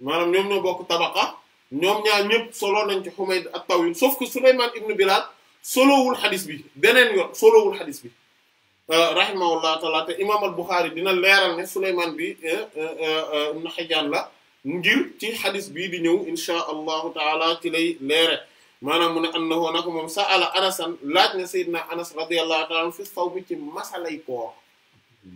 maanaam ñoom ñoo bokk tabaqa ñoom ñaar ñëpp solo nañ ci Humayd at-Tawil sauf que Souleymane ibnu Bilal solowul xadis bi beneen yoon solowul xadis bi rahimahullah taala te imam al Bukhari dina leeral ne Souleymane bi ibn Hajjan la ngir ci xadis bii di ñëw inchaa allahu taala ci lay leere maanaam mu ne annahu nako moom sa'ala anasan laaj na sayyidina anas radiyallahu taala an fi saw bi ci masalay koor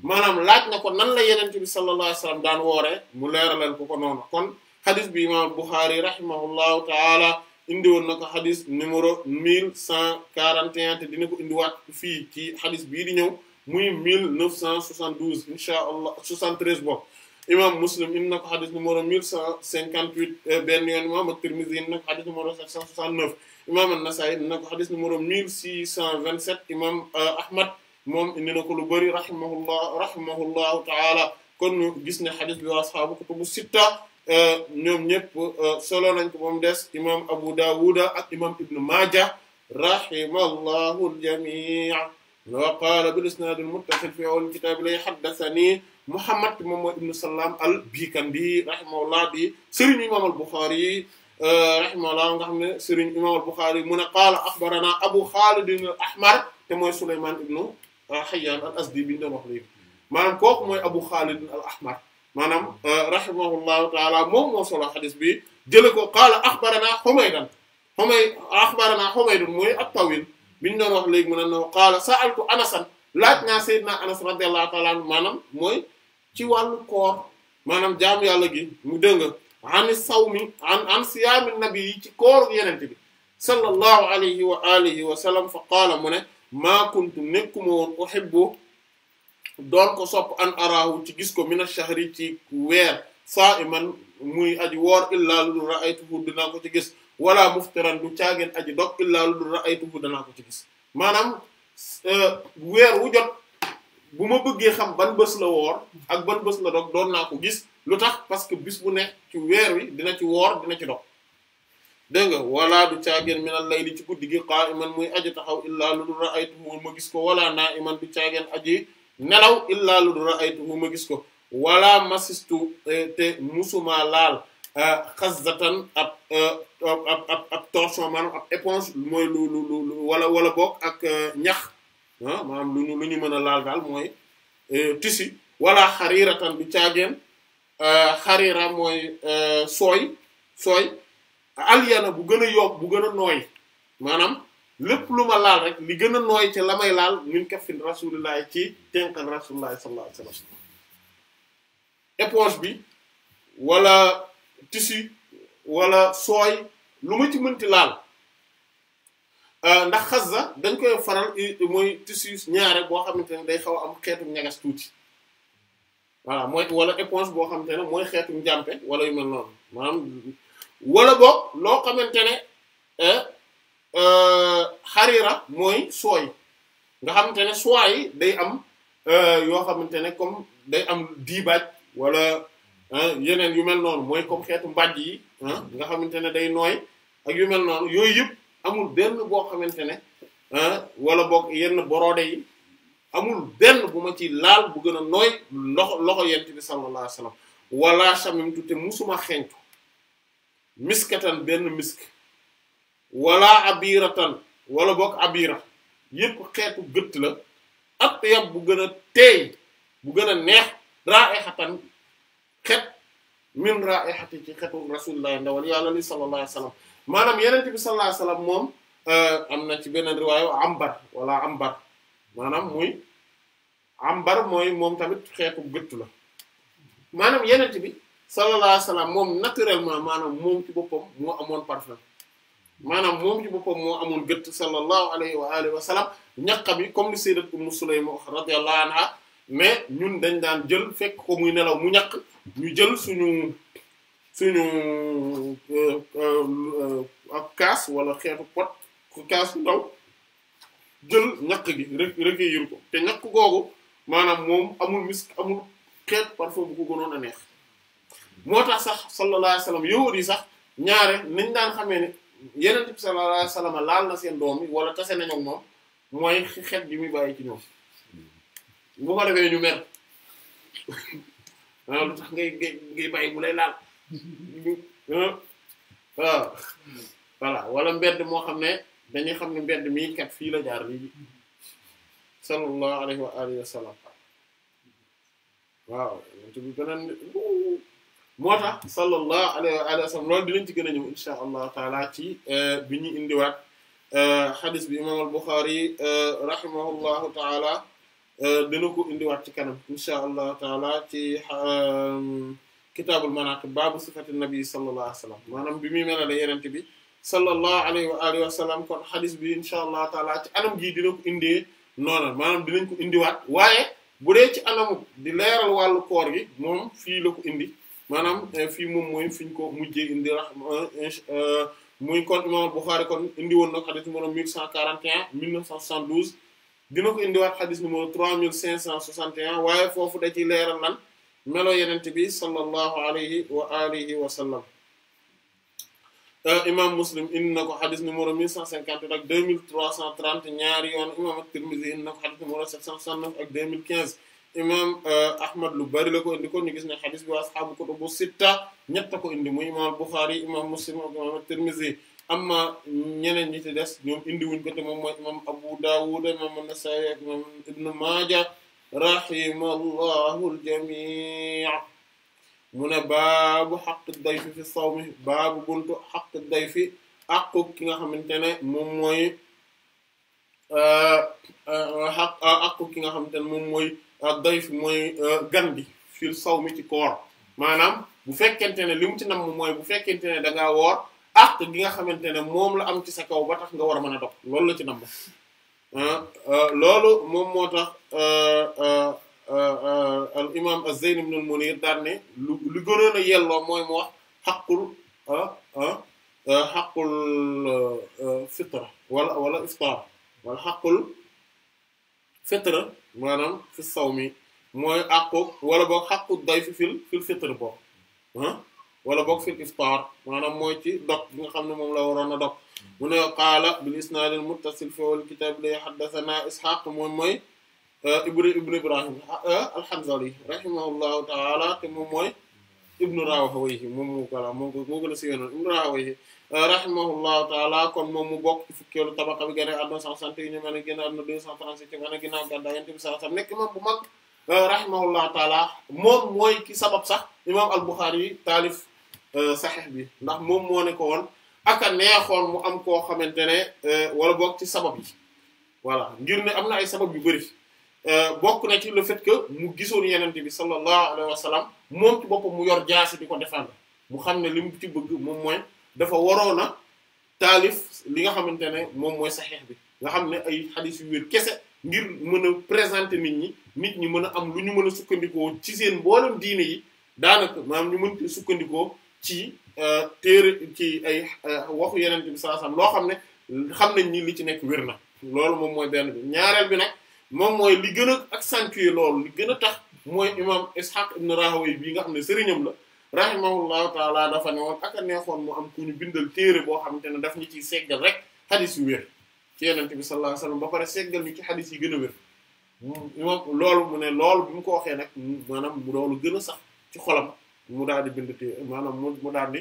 maanaam laaj na ko nan la yenente bi sallallahu alayhi wasallam daan wooree mu leeralal ko ko noonu kon xadis bi imam al Bukhari rahimahullahu taala indi won nako hadith numéro 1141 te dina ko wat fi ci hadith bi di ñëw muy 1972 neuf cent soixante allah soixante treize imam muslim indi nako hadith numéro 1158 ben yon imam at-Tirmidhi indi nako hadith numéro 769 imam an-Nasa'i indi nako hadith numéro 1627 imam Ahmad mom indi nako lu bari rahimahullah rahimahullah taala kon ñu gis ne hadith bi waa asxaabu kutubu sita Eh, ñoom ñëpp eh, solo nañ ko moom des imam abu dawuda ak imam ibnu Majah, rahimallahu Jami'ah, wa qala bil isnad al muttasil fi awal kitab lay haddathani muhammad mom mooy ibnu al bikandi rahimahullah bi imam al bukhari eh, rahimallahu nga xamne imam al bukhari mun qala akhbarana abu khalid al ahmar te Sulaiman sulayman ibnu hayyan al asdi bi ñu wax li manam kok moy abu khalid al ahmar maanaam euh, rahimahullahu taala moom moo bi jële ko qaala axbaranaa Humaydan Humay axbaranaa Humaydun at-Tawil bi na doon wax léegi mu ne no qaala sa'altu Anasan laaj naa Seydina Anas radiyallahu taala anhu maanaam mooy ci wàllu koor maanaam jaamu yàlla gi mu dëng ani sawmi an an siyaami nabi yi ci koor yeneen bi sallallahu alayhi wa alihi wa sallam fa qaala mu ne maa kuntu nekkuma woon uhibbu doon ko sopp an araahu ci gis ko mi mina shahri ci weer saa iman muy aji woor illaa lu dul ra'aytuhu dinaa ko ci gis wala muftiran du caageen aji dog illaa lu dul ra'aytuhu danaa ko ci gis maanaam euh, weer wu jot bu ma bëggee xam ban bës la woor ak ban bës la dog doon naa ko gis lu tax parce que bis bu nekk ci weer wi dina ci woor dina ci dog dégg nga wala du caageen minal layli ci guddi gi qaa'iman muy aji taxaw illaa lu dul ra'aytuhu ma gis ko wala naa'iman du caageen aji nelaw illaa lu dul ra'aytuhu ma gis ko wala masistu eh, te musuma laal eh, xazzatan eh, ab ab ab ab ab éponge mooy lu lu lu wala wala bokk ak ñax ah lu ñu lu ñu mën a laal daal mooy tissu wala xariiratan du caageen xariira mooy sooy sooy alyana bu gën a yokk bu gën a nooy maanaam lépp lu ma laal rek li gën a nooy ci la may laal min kaffin rasulillahi ci tenqal rasulillahi sallallahu alayhi wasallam éponge bi wala tissu wala sooy lu ma ci mënti laal euh, ndax xas xasa dañ koy faral mooy tissu ñaare boo xamante ne day xaw am xeetu ñagas tuuti voilà mooy wala éponge boo xamante ne mooy xeetu njàmpe wala yu mel noonu maanaam wala boog loo xamante ne euh, xarira euh, mooy sooy nga xamante ne soie yi day am euh, yoo xamante ne comme day am diibaaj wala yeneen yu mel noonu mooy comme xeetu mbàjj yi nga xamante ne day nooy ak yu mel noonu yooyu yëpp amul benn boo xamante ne wala boog yenn borode yi amul benn bu ma ci laal bu gën a nooy loxo loxo yent bi sallallahu alayhi wasallam wala samimtu te musuma xeeñtu miskatan benn misk wala abiratan wala bokk abira yépp xeetu gëtt la ab atyab bu gën a teey bu gën a neex raihatan xet min raihati ci xetu rasulillahi ndawal yàlla li sallallahu alayhi wasallam maanaam yenente bi sallallahu alayhi moom euh, am na ci beneen riwaayu ambar wala ambar maanaam muy ambar mooy moom tamit xeetu gëtt la maanaam yenente bi sallallahu alayhi moom naturellement maanaam moom ci boppam moo amoon parfum maanaam moom ci boppam moo amoon gëtt sallallahu alayhi wa alihi wa sallam ñaqa bi comme li sayyidat Ummu Sulaym radiyallahu anha mais ñun dañ daan jël fekk ko muy nelaw mu ñaq ñu jël suñu suñu euh, euh, ak kaas wala xeetu pot ku kaas jël ñaq gi rek rek yër ko te ñaq googu maanaam moom amul misk amul xeet parfum bu ko gënoon a neex moo tax sax sallallahu alayhi wa sallam yowoot yi sax ñaare nañ daan xamee ne yeneen bi sallallahu alayhi wasallam laal na seen doom yi wala tase nañu moom mooy xet bi muy bàyyi ci ñoom bu ko defee ñu mer waaw lu tax ngay ngay ngay bàyyi mu lay laal waaw voilà wala mbedd moo xam ne dañuy xam ne mbedd mii kat fii la jaar lii sallallahu alayhi wa alihi waaw moo tax sallallahu alayhi wa sallam loolu dinañ ci gën a ñëw insha allah taala ci bi ñu indiwaat xadis bi imam al Bukhari rahimahullahu taala dina ko indiwaat ci kanam insha allah taala ci kitaabul manaqib baabu sifati nabi sallallahu alayhi wa sallam maanaam bi muy melale yenente bi sallallahu alayhi wa alihi wa sallam kon xadis bi insha allah taala ci anam gii dina ko indee noonu maanaam dinañ ko indiwaat waaye bu dee ci anamu di leeral wàllu koor gi moom fii la ko indi maanaam eh, fii moom mooy fi ñu ko mujje indi rax eh, eh, muy kon imam Bukhari kon indi woon na ko xadis numéro 1141 1972 dina ko indiwaat xadis numéro 3561 waaye foofu da ci leeral lan melo yenente bi sallallahu alayhi wa alihi wa sallam imam Muslim indi na ko xadis numéro 1150 ak 2330 ñaari yoon imam At-Tirmidhi indi na ko xadis numéro 769 ak 2015 imam euh, ahmad lu bari la ko indi kon ñu gis ne xadis bi waa asxaabu kutubu sitta ñett ko indi muy imam buxaari imam muslim ak imam tirmizi amma ñeneen ñi ci des ñoom indi wuñ ko te moom mooy imam abu dawud imam an-nasa'i ak imam ibnu maaja rahimallahu al-jami' mu ne baabu xaq dayfi fi sawmi baabu buntu xaq dayfi aqu ki nga xamante ne moom mooy euh, euh, xaq aqu ki nga xamante ne moom mooy dayf mooy euh, gan bi fil saw mi ci koor maanaam bu fekkente ne li mu ci nam mooy bu fekkente ne da ngaa woor àq gi nga xamante ne moom la am ci sa kaw ba tax nga war a mën a dog loolu la ci nam euh, euh, loolu moom moo tax al imam az-Zayn ibn al-Munir daan ne lu lu gënoon a yelloo mooy mu wax xaqul xaqul fitra wala wala iftar xaqul fitra manam fi sawmi moy akko wala bok xaqu dayf fil fil fitr bok han wala bok fil iftaar manam moy ci dok bi nga xamne mom la warona dok dog mu ne qaala bil isnaadil muttasil fi al kitab li haddathana ishaq moom moy ibnu ibnu ibrahim al alhanzali rahimahullahu taala te mom moy ibnu rawahi mom ko la mom ko ko la siiwee ibnu rawahi rahimahullahu taala kon moom mu bokk ci fukkeelu tabaqa bi gane àdduna 161 ma ne gën a àdduna ne ginnaaw gàddaay Yonent bi sallallahu alayhi nekk imam bu mag euh, rahimahullahu taala moom mooy ki sabab sax imam al-Bukhari yi taalif euh, saxiix bi ndax moom moo ne ko won aka a neexoon mu am koo xamante ne euh, wala bokk ci sabab yi voilà ngir ne am na ay sabab yu bëri bokk na ci le fait que mu gisoon Yonent bi sallallahu alayhi wasallam moom ci boppam mu yor jaasi di ko défendre mu li mu ci bëgg moom dafa waroon a taalif li nga xamante ne moom mooy saxiix bi nga xam ne ay xadis yu wér kese ngir mën a présenter nit ñi nit ñi mën a am lu ñu mën a sukkandikoo ci seen mboolem diine yi daanaka maanaam ñu mën sukkandikoo ci euh, téere ci ay euh, waxu yeneen bi saa loo xam ne xam nañ ni li ci nekk wér na loolu moom mooy benn bi ñaareel bi nag moom mooy li gën a accentuer loolu li gën a tax mooy imam Ishaq ibn Rahawayh bii nga xam ne sëriñam la rahimahullahu taala dafa ne woon ak a neexoon mu am ku bindal téere boo xamante ne daf ñu ciy seggal rek xadis yu wér ci yenente bi sallallahu alayhi ba pare seggal ñu ci xadis yi gën a wér moom loolu mu ne lool bu mu ko waxee nag maanaam mu loolu gën a sax ci xolam mu daal di bind téere maanaam mu mu daal di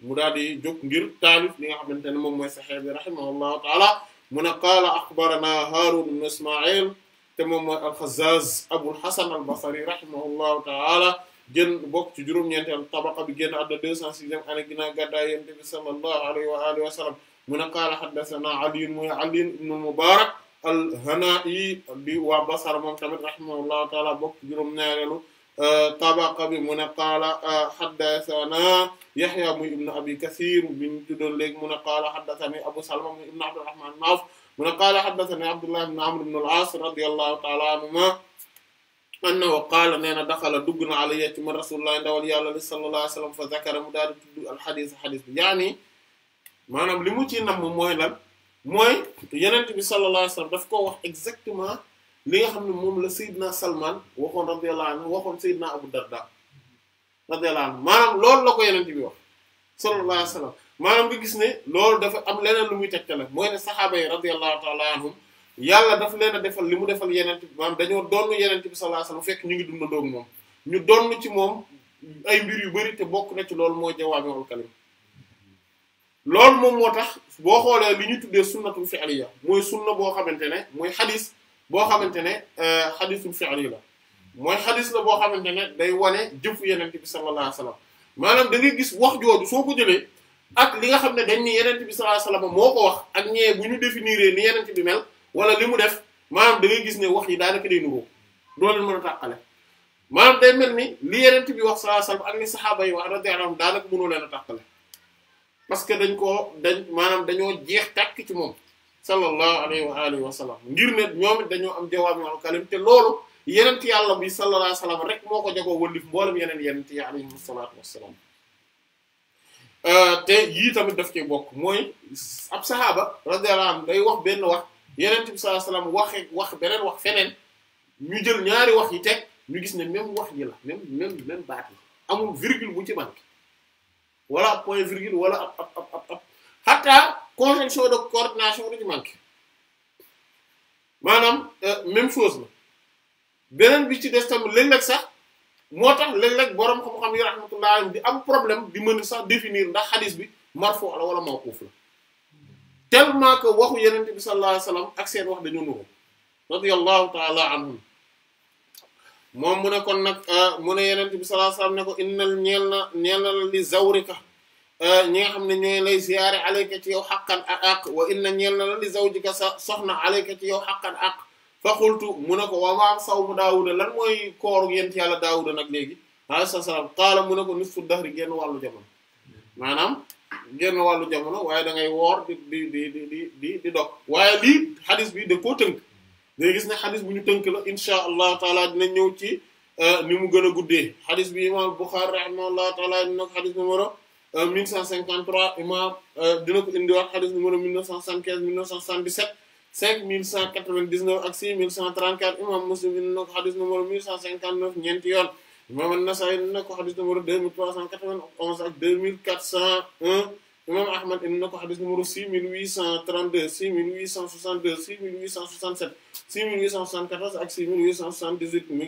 mu daal di jóg ngir taalif li nga xamante ne moom mooy saxee bi rahimahullahu taala mu ne qaala axbarana Haarun ibn Ismail te moom mooy al-Xazzaaz Abul Hasan al-Basri rahimahullahu taala génn bokk ci juróom-ñeenteelu tabaqa bi génn àdduna deux cent sixième année ginnaaw gàddaay yonent bi sallallahu alayhi wa alihi wa sallam mu ne qaala haddathana Ali muy Ali ibn Mubarak al-Hana'i bi waa Basra moom tamit rahimahullahu ta'ala bokk ci juróom-ñaareelu euh, tabaqa bi mu ne qaala euh, haddathana Yahya muy ibn Abi Kathir bi ñu tuddoon léegi mu ne qaala haddathani Abu Salama muy ibn Abdurrahman Nawf mu ne qaala haddathani Abdullah ibn Amr ibn al-As radiyallahu ta'ala anhuma انه قال أن دخل دغنا علي من رسول الله دوال يالا صلى الله عليه وسلم فذكر مدار الحديث حديث يعني مانام ليمو تي نام موي لا موي يونتي بي صلى الله عليه وسلم داف كو واخ اكزاكتومون ليغا خامني موم لا سيدنا سلمان واخون رضي الله عنه واخون سيدنا ابو الدرداء رضي الله عنه مانام لول لاكو يونتي بي واخ صلى الله عليه وسلم مانام بي غيس ني لول داف ام لنين لوموي تكتال موي ني صحابه رضي الله تعالى عنهم yàlla daf leena defal limu defal yenent bi maanaam dañoo donn yenent bi sallallahu alayhi wasallam fekk ñu ngi dundandoog moom ñu donn ci moom ay mbir yu bari te bokk na ci loolu moo jawaami'ul kalim loolu moom moo tax boo li ñu tuddee sunnatul fi'liya mooy sunna boo xamante ne mooy xadis boo xamante ne fi'li la mooy xadis la boo xamante day wane jëfu yenent bi sallallahu alayhi wasallam maanaam da ngay gis wax jooju soko jëlé ak li nga xamne dañ ni yenent bi sallallahu alayhi wasallam moko wax ak ñe bu ñu définir ni yenent bi mel wala li mu def maanaam da ngay gis ne wax yi daanaka day nuroo doo leen mën a tàqale maanaam day mel ni li yenent bi wax sallallahu alayhi wasallam ak ni saxaaba yi wax daanaka mënoo leen a parce que dañ koo dañ maanaam dañoo jeex tàkk ci moom sallallahu alayhi wa alihi wa sallam ngir ñoom dañoo am jawaami'ul te loolu yenent yàlla bi sallallahu alayhi wa sallam rek moo ko jagoo wëllif mboolem yeneen yenent yi alayhim salaatu wassalaam euh, te yii tamit daf ci bokk mooy ab saxaaba radiyallahu day wax benn wax yenent bi sallallahu alayhi wasallam waxe wax beneen wax feneen ñu jël ñaari wax yi teg ñu gis ne même wax ji la même même même baat yi amul virgule bu ci banque wala point virgule wala ab ab ab ab hatta de coordination du ci manqué maanaam euh, même chose la beneen bi ci des tam léeg-léeg sax moo tax léeg-léeg boroom xam-xam yi rahmatullah di am problème di mën sax définir ndax xadis bi marfu la wala mawquf la tellement que waxu yenente bi sallallahu alayhi wasallam ak seen wax dañoo nuru radiyallahu ta'ala anhum moom mu ne kon nag euh, mu ne yenente bi sallallahu alayhi wasallam ne ko innal ñeel na ñeel na li zawrika euh, ñi nga xam ne ñooy lay ziyaare alayka ci yow xaqan ak àq wa inna ñeel na la li zawjika sa soxna alayka ci yow xaqan àq fa qultu mu ne ko wamaa sawmu daawuda lan mooy kooru yent yàlla daawuda nag léegi alayhi salaam qaala mu ne ko nisfu dahri génn wàllu jamono maanaam genn wàllu jamono waaye da ngay woor di di di di waaye lii xadis bi da koo tënk day gis ne xadis bu ñu tënk la insha allah taala dina ñëw ci euh, ni mu gën a guddee xadis bi imam Bukhari rahimahullah taala dina ko xadis numéro 1153 euh, imam euh, dina ko indiwaat xadis numéro 1975 1977 5199 ak 6134 imam Muslim dina ko xadis numéro 1159 ñeenti yoon imam an-Nasa'i indi na ko xadis numéro deux ak 2401 imam Ahmad indi na ko xadis numéro 6862 6867 huit ak six mi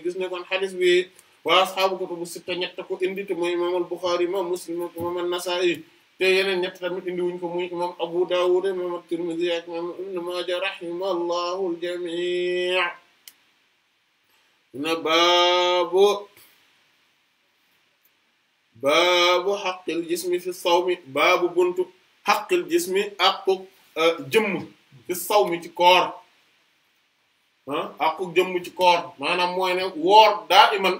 gis ne kon xadis bi waa asxaabu kutubu sitta ñett ko indi te mooy imam bukhari imam Muslim ak imam nasai te yeneen ñett tamit indi wuñ ko muy imam Abu Dawud imam tirmidhi ak imam Ibn Majah rahimallahu al-jami' na baabu baabu xaqil jismi fi sawmi baabu buntu xaqil jismi àqu euh, jëmm fi sawmi ci koor ah àqu jëmm ci koor maanaam mooy ne woor daa iman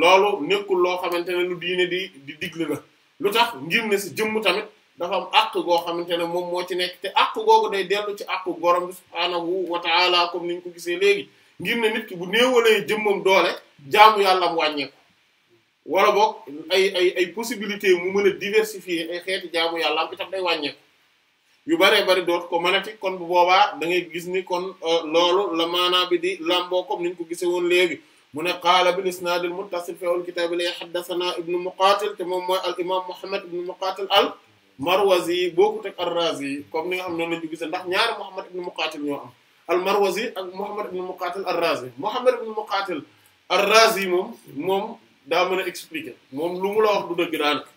loolu nekkul loo xamante ne lu diine di di digle la lu tax ngir ne si jëmm tamit dafa am àq goo xamante ne moom moo ci nekk te akk googu day dellu ci àqu borom bi subhaanahu wa ta'ala comme niñ ko gisee léegi ngir ne nit ki bu néewalee jëmmam doole jaamu yàlla mu wàññeeku wala boog ay ay ay possibilité mu mën a diversifier ay xeeti jaamu yàlla am itam day wàññeeku yu baree bari doot ko mënati kon bu boobaa da ngay gis ni kon euh, loolu la maanaa bi di lamboo comme niñ ko gisee woon léegi mu ne qaala bil isnaad al muttasil fi al kitaab li haddathana ibnu muqatil te moom mooy al imam muhammad ibnu muqatil al marwazi boo ko teg comme ni nga xam noonu lañu ko gise ndax ñaari muhammad ibnu muqatil ñoo am al marwazi ak muhammad ibnu muqatil al razi muhammad ibnu muqatil al razi moom moom daa mën a expliquer moom lu mu la wax du dëgg daanaka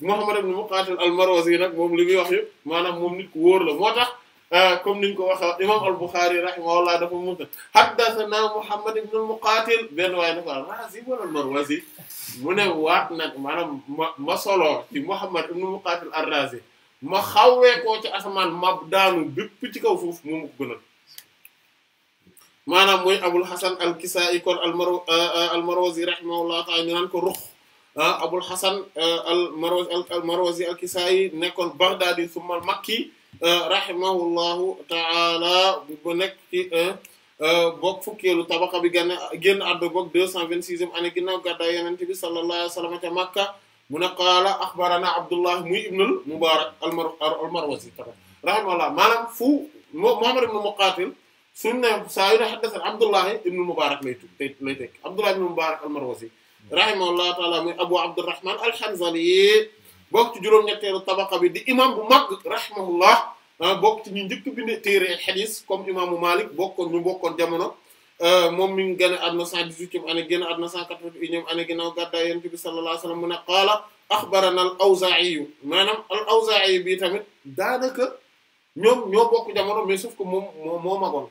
Muhammad ibn Muqatil al-Marwazi nag moom li muy wax yëpp maanaam moom nit ku woor la moo tax euh, comme niñ ko waxee imam al-Bukhari rahimahullah dafa mënta haddathana Muhammad ibn Muqatil benn waaye dafa al-Razi wala al-Marwazi mu ne waat nag maanaam ma ma solo ci Muhammad ibn Muqatil ar ma xawwee koo ci asamaan ma daanu bépp ci kaw foofu moomu ko gënal. maanaam mooy abul xasan al kisaa'i kon al maro euh, al marwazi rahimahullahu ta'ala ñu naan ko rux ah abul xasan euh, al marwazi al marwazi al kisaa'i nekkoon baghdadi summa al makki euh, rahimahullahu ta'ala bu nekk ci bokk fukkeelu tabaqa bi gànne génn àdduna bokk deux cent vingt sixième année ginnaaw gàddaay yonent bi sallallahu alayhi wa sallam ca Makka mu ne qaala axbarana Abdullah muy ibnul Mubaarak al Marwazi rahimahullah maanaam fu Muhammad ibn Muqaatil سيدنا سعيد حدث عبد الله بن المبارك ليتك عبد الله بن المبارك المروزي رحمه الله تعالى من أبو عبد الرحمن الحنزلي بوقت جلوم نتير الطبقة بدي إمام بمك رحمه الله آه، بوقت نجيك بنتير الحديث كم إمام مالك بوقت نبوقت جمنا مم من جنة أدنى سعى بزيكم أنا جنة أدنى سعى كتبت إنيم أنا جنة وقد دائم تبي صلى الله عليه وسلم من قال أخبرنا الأوزاعي ما نم الأوزاعي بيتامي دانك ñom ñoo bokk jamono mais sauf ko mom mo ma gone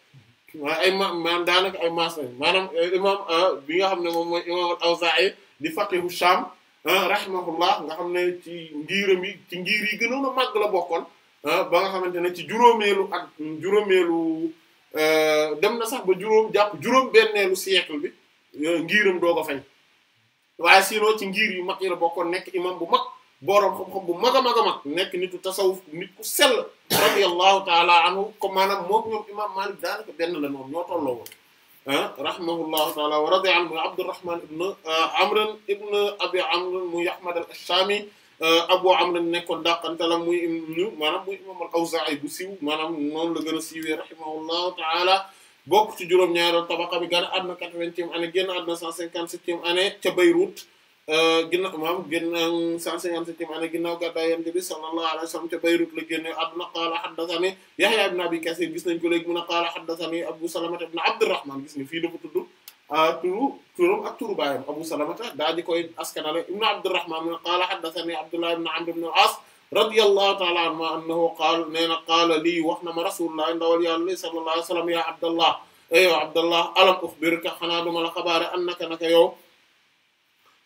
ay ma maanaam daanaka ay maas lañ maanaam euh, imam euh, bi nga xam ne moom mooy imam al-Awzaa'i di faqihu Shaam euh, rahimahullah nga xam ne ci ngiiram yi ci ngiir yi gënoon a màgg la bokkoon ba nga xamante ne ci juróomeelu ak juróomeelu dem na sax ba juróom jàpp juróom benneelu siècle bi ngiiram doog a ci ngiir yu mag yi la bokkoon nekk imam bu mag boroom xam-xam bu mag a mag a mag nekk nitu tasawuf nit ku sell radiyallahu ta'ala anhu comme maanaam moom ñoom imam Malik daanaka benn la moom ñoo tolloo woon ah rahimahullahu ta'ala wa radiya anhu Abdurrahman ibn ah, Amr ibn Abi Amr muy Ahmad al-Shami ah, Abu Amr nekkoon dàqantalam muy ñu maanaam muy imam al-Awza'i bu siiw maanaam moom la gën a siiwee rahimahullahu ta'ala bokk ci juróom-ñaareelu tabaqa bi gën a àdduna 80e année génn àdduna 157e année ca Beyrouth Euh, ginnaaw maam ginnaaw 157 année ginnaaw gàddaay Yonent bi sallallahu alayhi wa sallam ca Beyrut la génne àdduna qaala haddathani Yahya ibn Abi Kathir gis nañ ko léegi mu ne qaala haddathani Abu Salamata ibn Abdurrahman gis nga fii dafa tudd euh, turu turam ak turu baayam Abu Salamata daa di koy askanale ibn Abdurrahman mu ne qaala haddathani Abdullah ibn Amr ibn al-As radiyallahu ta'ala anhu annahu qaala nee na qaala lii wax na ma Rasulullah ndawal Yàlla sallallahu alayhi wa sallam ya Abdallah eh, ayo Abdallah alam ukhbiruka xanaa duma la xabaare annaka naka yow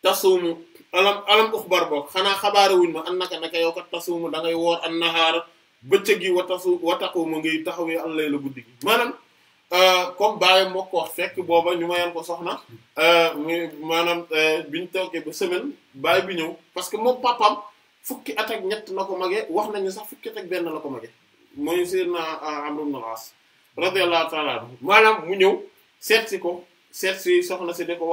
tasuumu alam alam uxbar boog xanaa xabaarewuñ ma an naka naka yow kat tasuumu da ngay woor an nahaara bëccëg yi wa tasu wa taquuma ngay taxawee la layla guddi gi maanaam euh, comme bàyyi moo ko wax fekk booba ñu mayeen ko soxna euh, maanaam euh, biñ toogee ba semaine bàyyi bi ñëw parce que moom papam fukki at ak ñett la ko magee wax nañu sax fukki at ak benn la ko magee mooy Seydina Amr ibn al-As radiyallahu maanaam mu ñëw seet si ko seet si soxna si de ko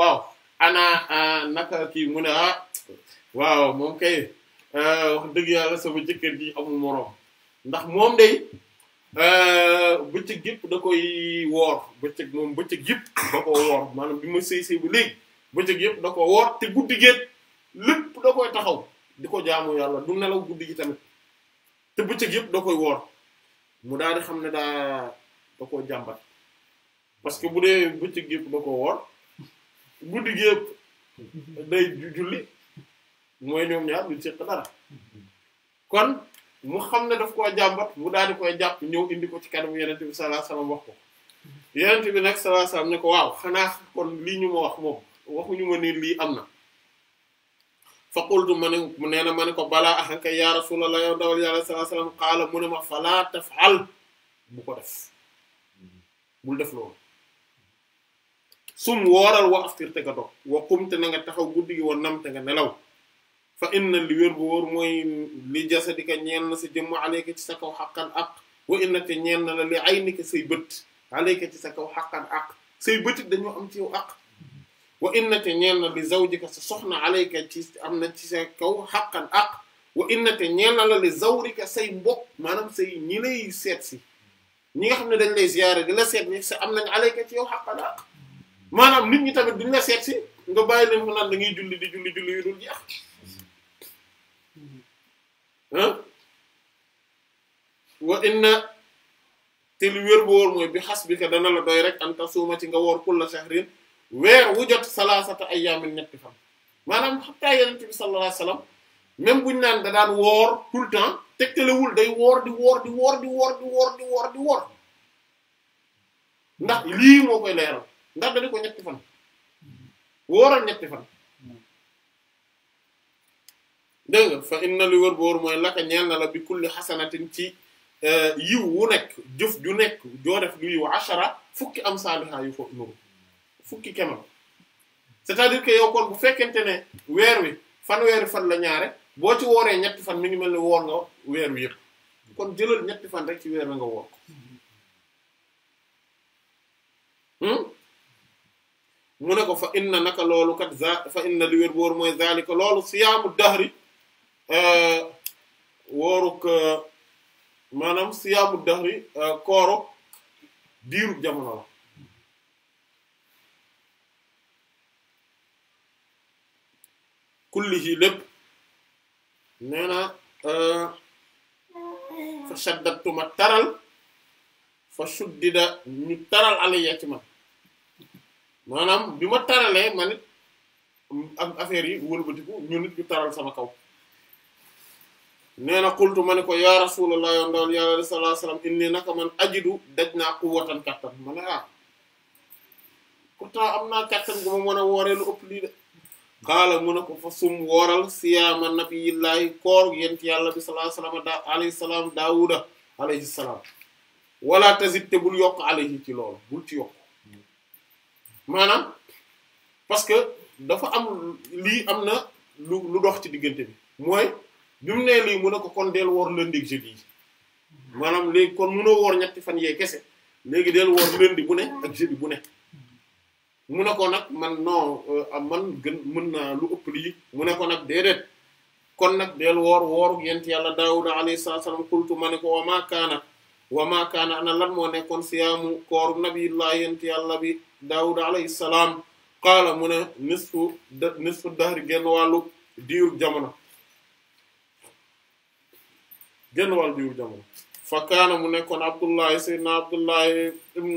ana ah, naka kii mu ne ah waaw moom kay ah, wax dëgg yàlla sama jëkkër ji amu moroom ndax moom day ah, bëccëg yëpp da koy woor bëccëg moom bëccëg yëpp da ko woor maanaam bi yëpp da ko woor te guddi géet lépp da koy taxaw di ko jaamu yàlla du nelaw guddi gi tamit te bëccëg yëpp da koy woor mu daal di xam ne daa da koo jàmbat parce que bu dee bëccëg yëpp da ko woor guddi gi yëpp day julli mooy ñoom ñaar lu séq dara kon mu xam ne daf koo jàmbat mu daal di koy jàpp ñëw indi ko ci kanamu yenente bi sallallahu alayhi wasallam wax ko yenente bi nag sallallahu alayhi ne ko waaw xanaa kon lii ñu ma wax moom waxuñu ma ni lii am na fa du ma ne mu nee ma ne ko balaa axanka ya rasulallah yow dawal yàlla sallallahu alayhi wasallam qaala mu ne ma fala tafal bu ko def bul def loolu sun woral wa aftir te ga dog wa qum te nga taxaw guddi gi wa nam te nga nelaw fa inna li wér bu wor moy li jasa dika ñen ci jëmm aleyka ci sa kaw xaqan ak wa inna te ñen la li aynika sey beut aleyka ci sa kaw xaqan ak say bëtit dañoo am ci yow ak wa inna te ñen bi zawjika sa soxna aleyka ci amna ci sa kaw haqqan aq wa inna te ñen la li zawrika sey mbokk manam sey ñi lay seet si ñi nga xamne dañ lay ziaré di set ni sa amna nañ aleyka ci yow haqqan aq maanaam nit ñi tamit duñ la seet si nga bàyyi leen mu naan da ngay julli di julli julli yu dul jeex ah wa inna te lu wér mooy bi xas bi ka dana la doy rek anta suuma ci nga woor kulla shahrin weer wu jot salaasata ayyaamin ñetti fa maanaam xataa yonent bi sallallahu alayhi wasallam même buñ naan da daan woor tout le temps tegtalewul day woor di woor di woor di woor di woor di woor di woor ndax lii moo koy leeral ndàggali ko ñetti fan wóoral ñetti fan dégg nga fa na li wër boor mooy laka ñeel na la bi kulli xasanatin ci eh, yiw wu nekk jëf ju nekk joo def lu yiw ashara fukki am saaliha yu ko nuru fukki kemam c'est-à-dire que yow kon bu fekkente ne weer wi fan weeri fan la ñaare boo ci wooree ñetti fan mi ngi mel ni woor nga weer wi yëpp kon jëlal ñetti fan rek ci weer la nga woor mu ne ko fa inna naka loolu kat za fa inna li wér wóor mooy zalika loolu siyaamu dahri euh, wooruk euh, maanaam siyaamu dahri euh, koro diirub jamono la kullihi lépp nee na fa shaddatuma taral fa shuddida ñu taral alayya ci maanaam bi ma taralee ma it ak affaire yi wëlbatiku ñu nit ñu taral sama kaw nee na xultu ma ne ko ya rasulullah yoon doon yàlla sallallahu alayhi wasallam inni naka man ajidu daj naa quwwatan kattan ma ne ah pourtant am naa kattan gu ma mën a wooree lu ëpp lii de xaala mu ne ko fa sum wooral siyaama nabiyillahi koor yent yàlla bi sallallahu alayhi wasallam da alayhi salaam daawuda alayhi salaam wala tazid te bul yokk alayhi ci loolu bul ci yokk manam parce que dafa am li amna lu lu dox ci digënté bi moy bi mu nee lii mu ne ko kon del wor lundi ak jeudi manam maanaam kon mu no wor ñetti fan yee kese légui del wor lundi bu né ak jeudi bu né mu ne ko man non man gën mën lu upp li mu ne ko nag euh, kon nak del wor wor yent yalla daoud alayhi salaam kultu ma ko wa maa kaana wa ana lan yent yalla bi Daawud alayhi salaam qaala mu ne nisfu nisfu dahri genn wàllu diiru jamono genn wàllu diiru jamono fa kaana mu nekkoon Abdullahi sayyidina Abdullahi ibn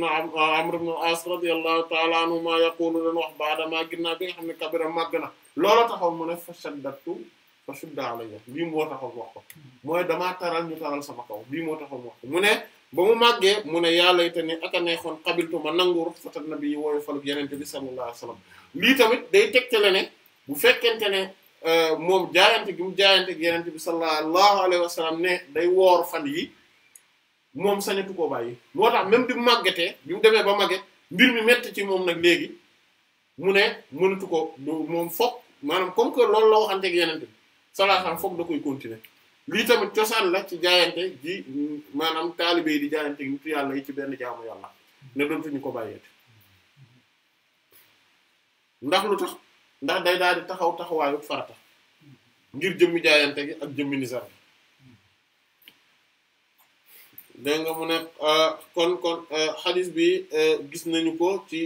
Amr ibn as radiyallahu ta'ala anhuma yaqulu dan wax baadamaa ginnaaw bi nga xam ne kabira màgg na loola taxaw mu ne fa shaddatu fa shudda alayya lii moo taxaw sama kaw lii moo taxaw mu ne ba mu màggee mu ne yàlla laytani ak a neexoon qabiltu ma nangu ruxsatan nabi wooyu falug yenente bi sallallahu alayhi wasallam lii tamit day tegtale bu fekkente ne euh, moom jaayante gi mu jaayante gi yenente day woor fan yi moom sañatu koo bàyyi moo tax même bi mu màggetee bi mu demee ba màgget mbir mi metti ci moom nag léegi mu ne mënatu ko moom foog maanaam comme que loolu la waxante ak yenente bi da koy continuer lii tamit cosaan la ci jaayante ji maanaam taalibe di jaayante nitu yàlla yi ci benn jaamu yàlla ne dootuñu ko bàyyeete ndax lu tax ndax day daal di taxaw taxawaayu farata ngir jëmmi jaayante gi ak jëmmi nisar bi dégg nga mu ne euh, kon kon euh, xadis bi euh, gis nañu ko ci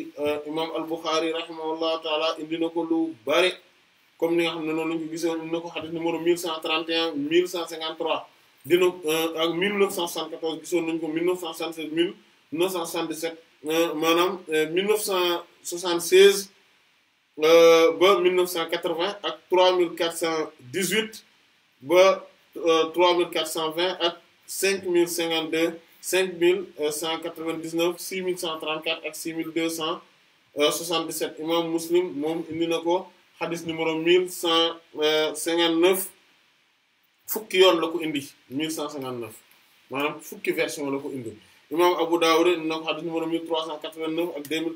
imam al Bukhari rahimahullahu taala indi na ko lu bari comme ni nga xam ne lañu ko numéro 1131 1153 dino ak 1974 gissone 1976 1977 1976 ba 1980 ak 3418 ba 3420 euh, ak 5052 5199 6134 ak 6267 imam muslim mom indi nako xadis numéro mille cent euh, cinquante neuf fukki yoon la ko indi mille cent cinquante neuf maanaam fukki version la ko indi imam Abu Dawud indi na ko xadis numéro mille trois cent quatre vingt neuf ak indi ko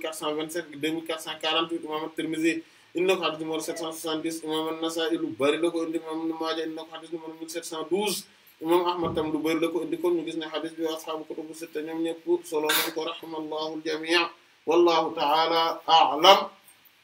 xadis numéro sept cent soixante dix imam bari la ko indi imam Ibn Maaja ko xadis numéro mille cent douze imam ahmad tam lu bari la ko indi kon ñu gis ne xadis bi ashaabu kutubu sitta ñoom ñëpp solo nañ ko rahimallahu al-jamii' wallahu ta'ala a'lam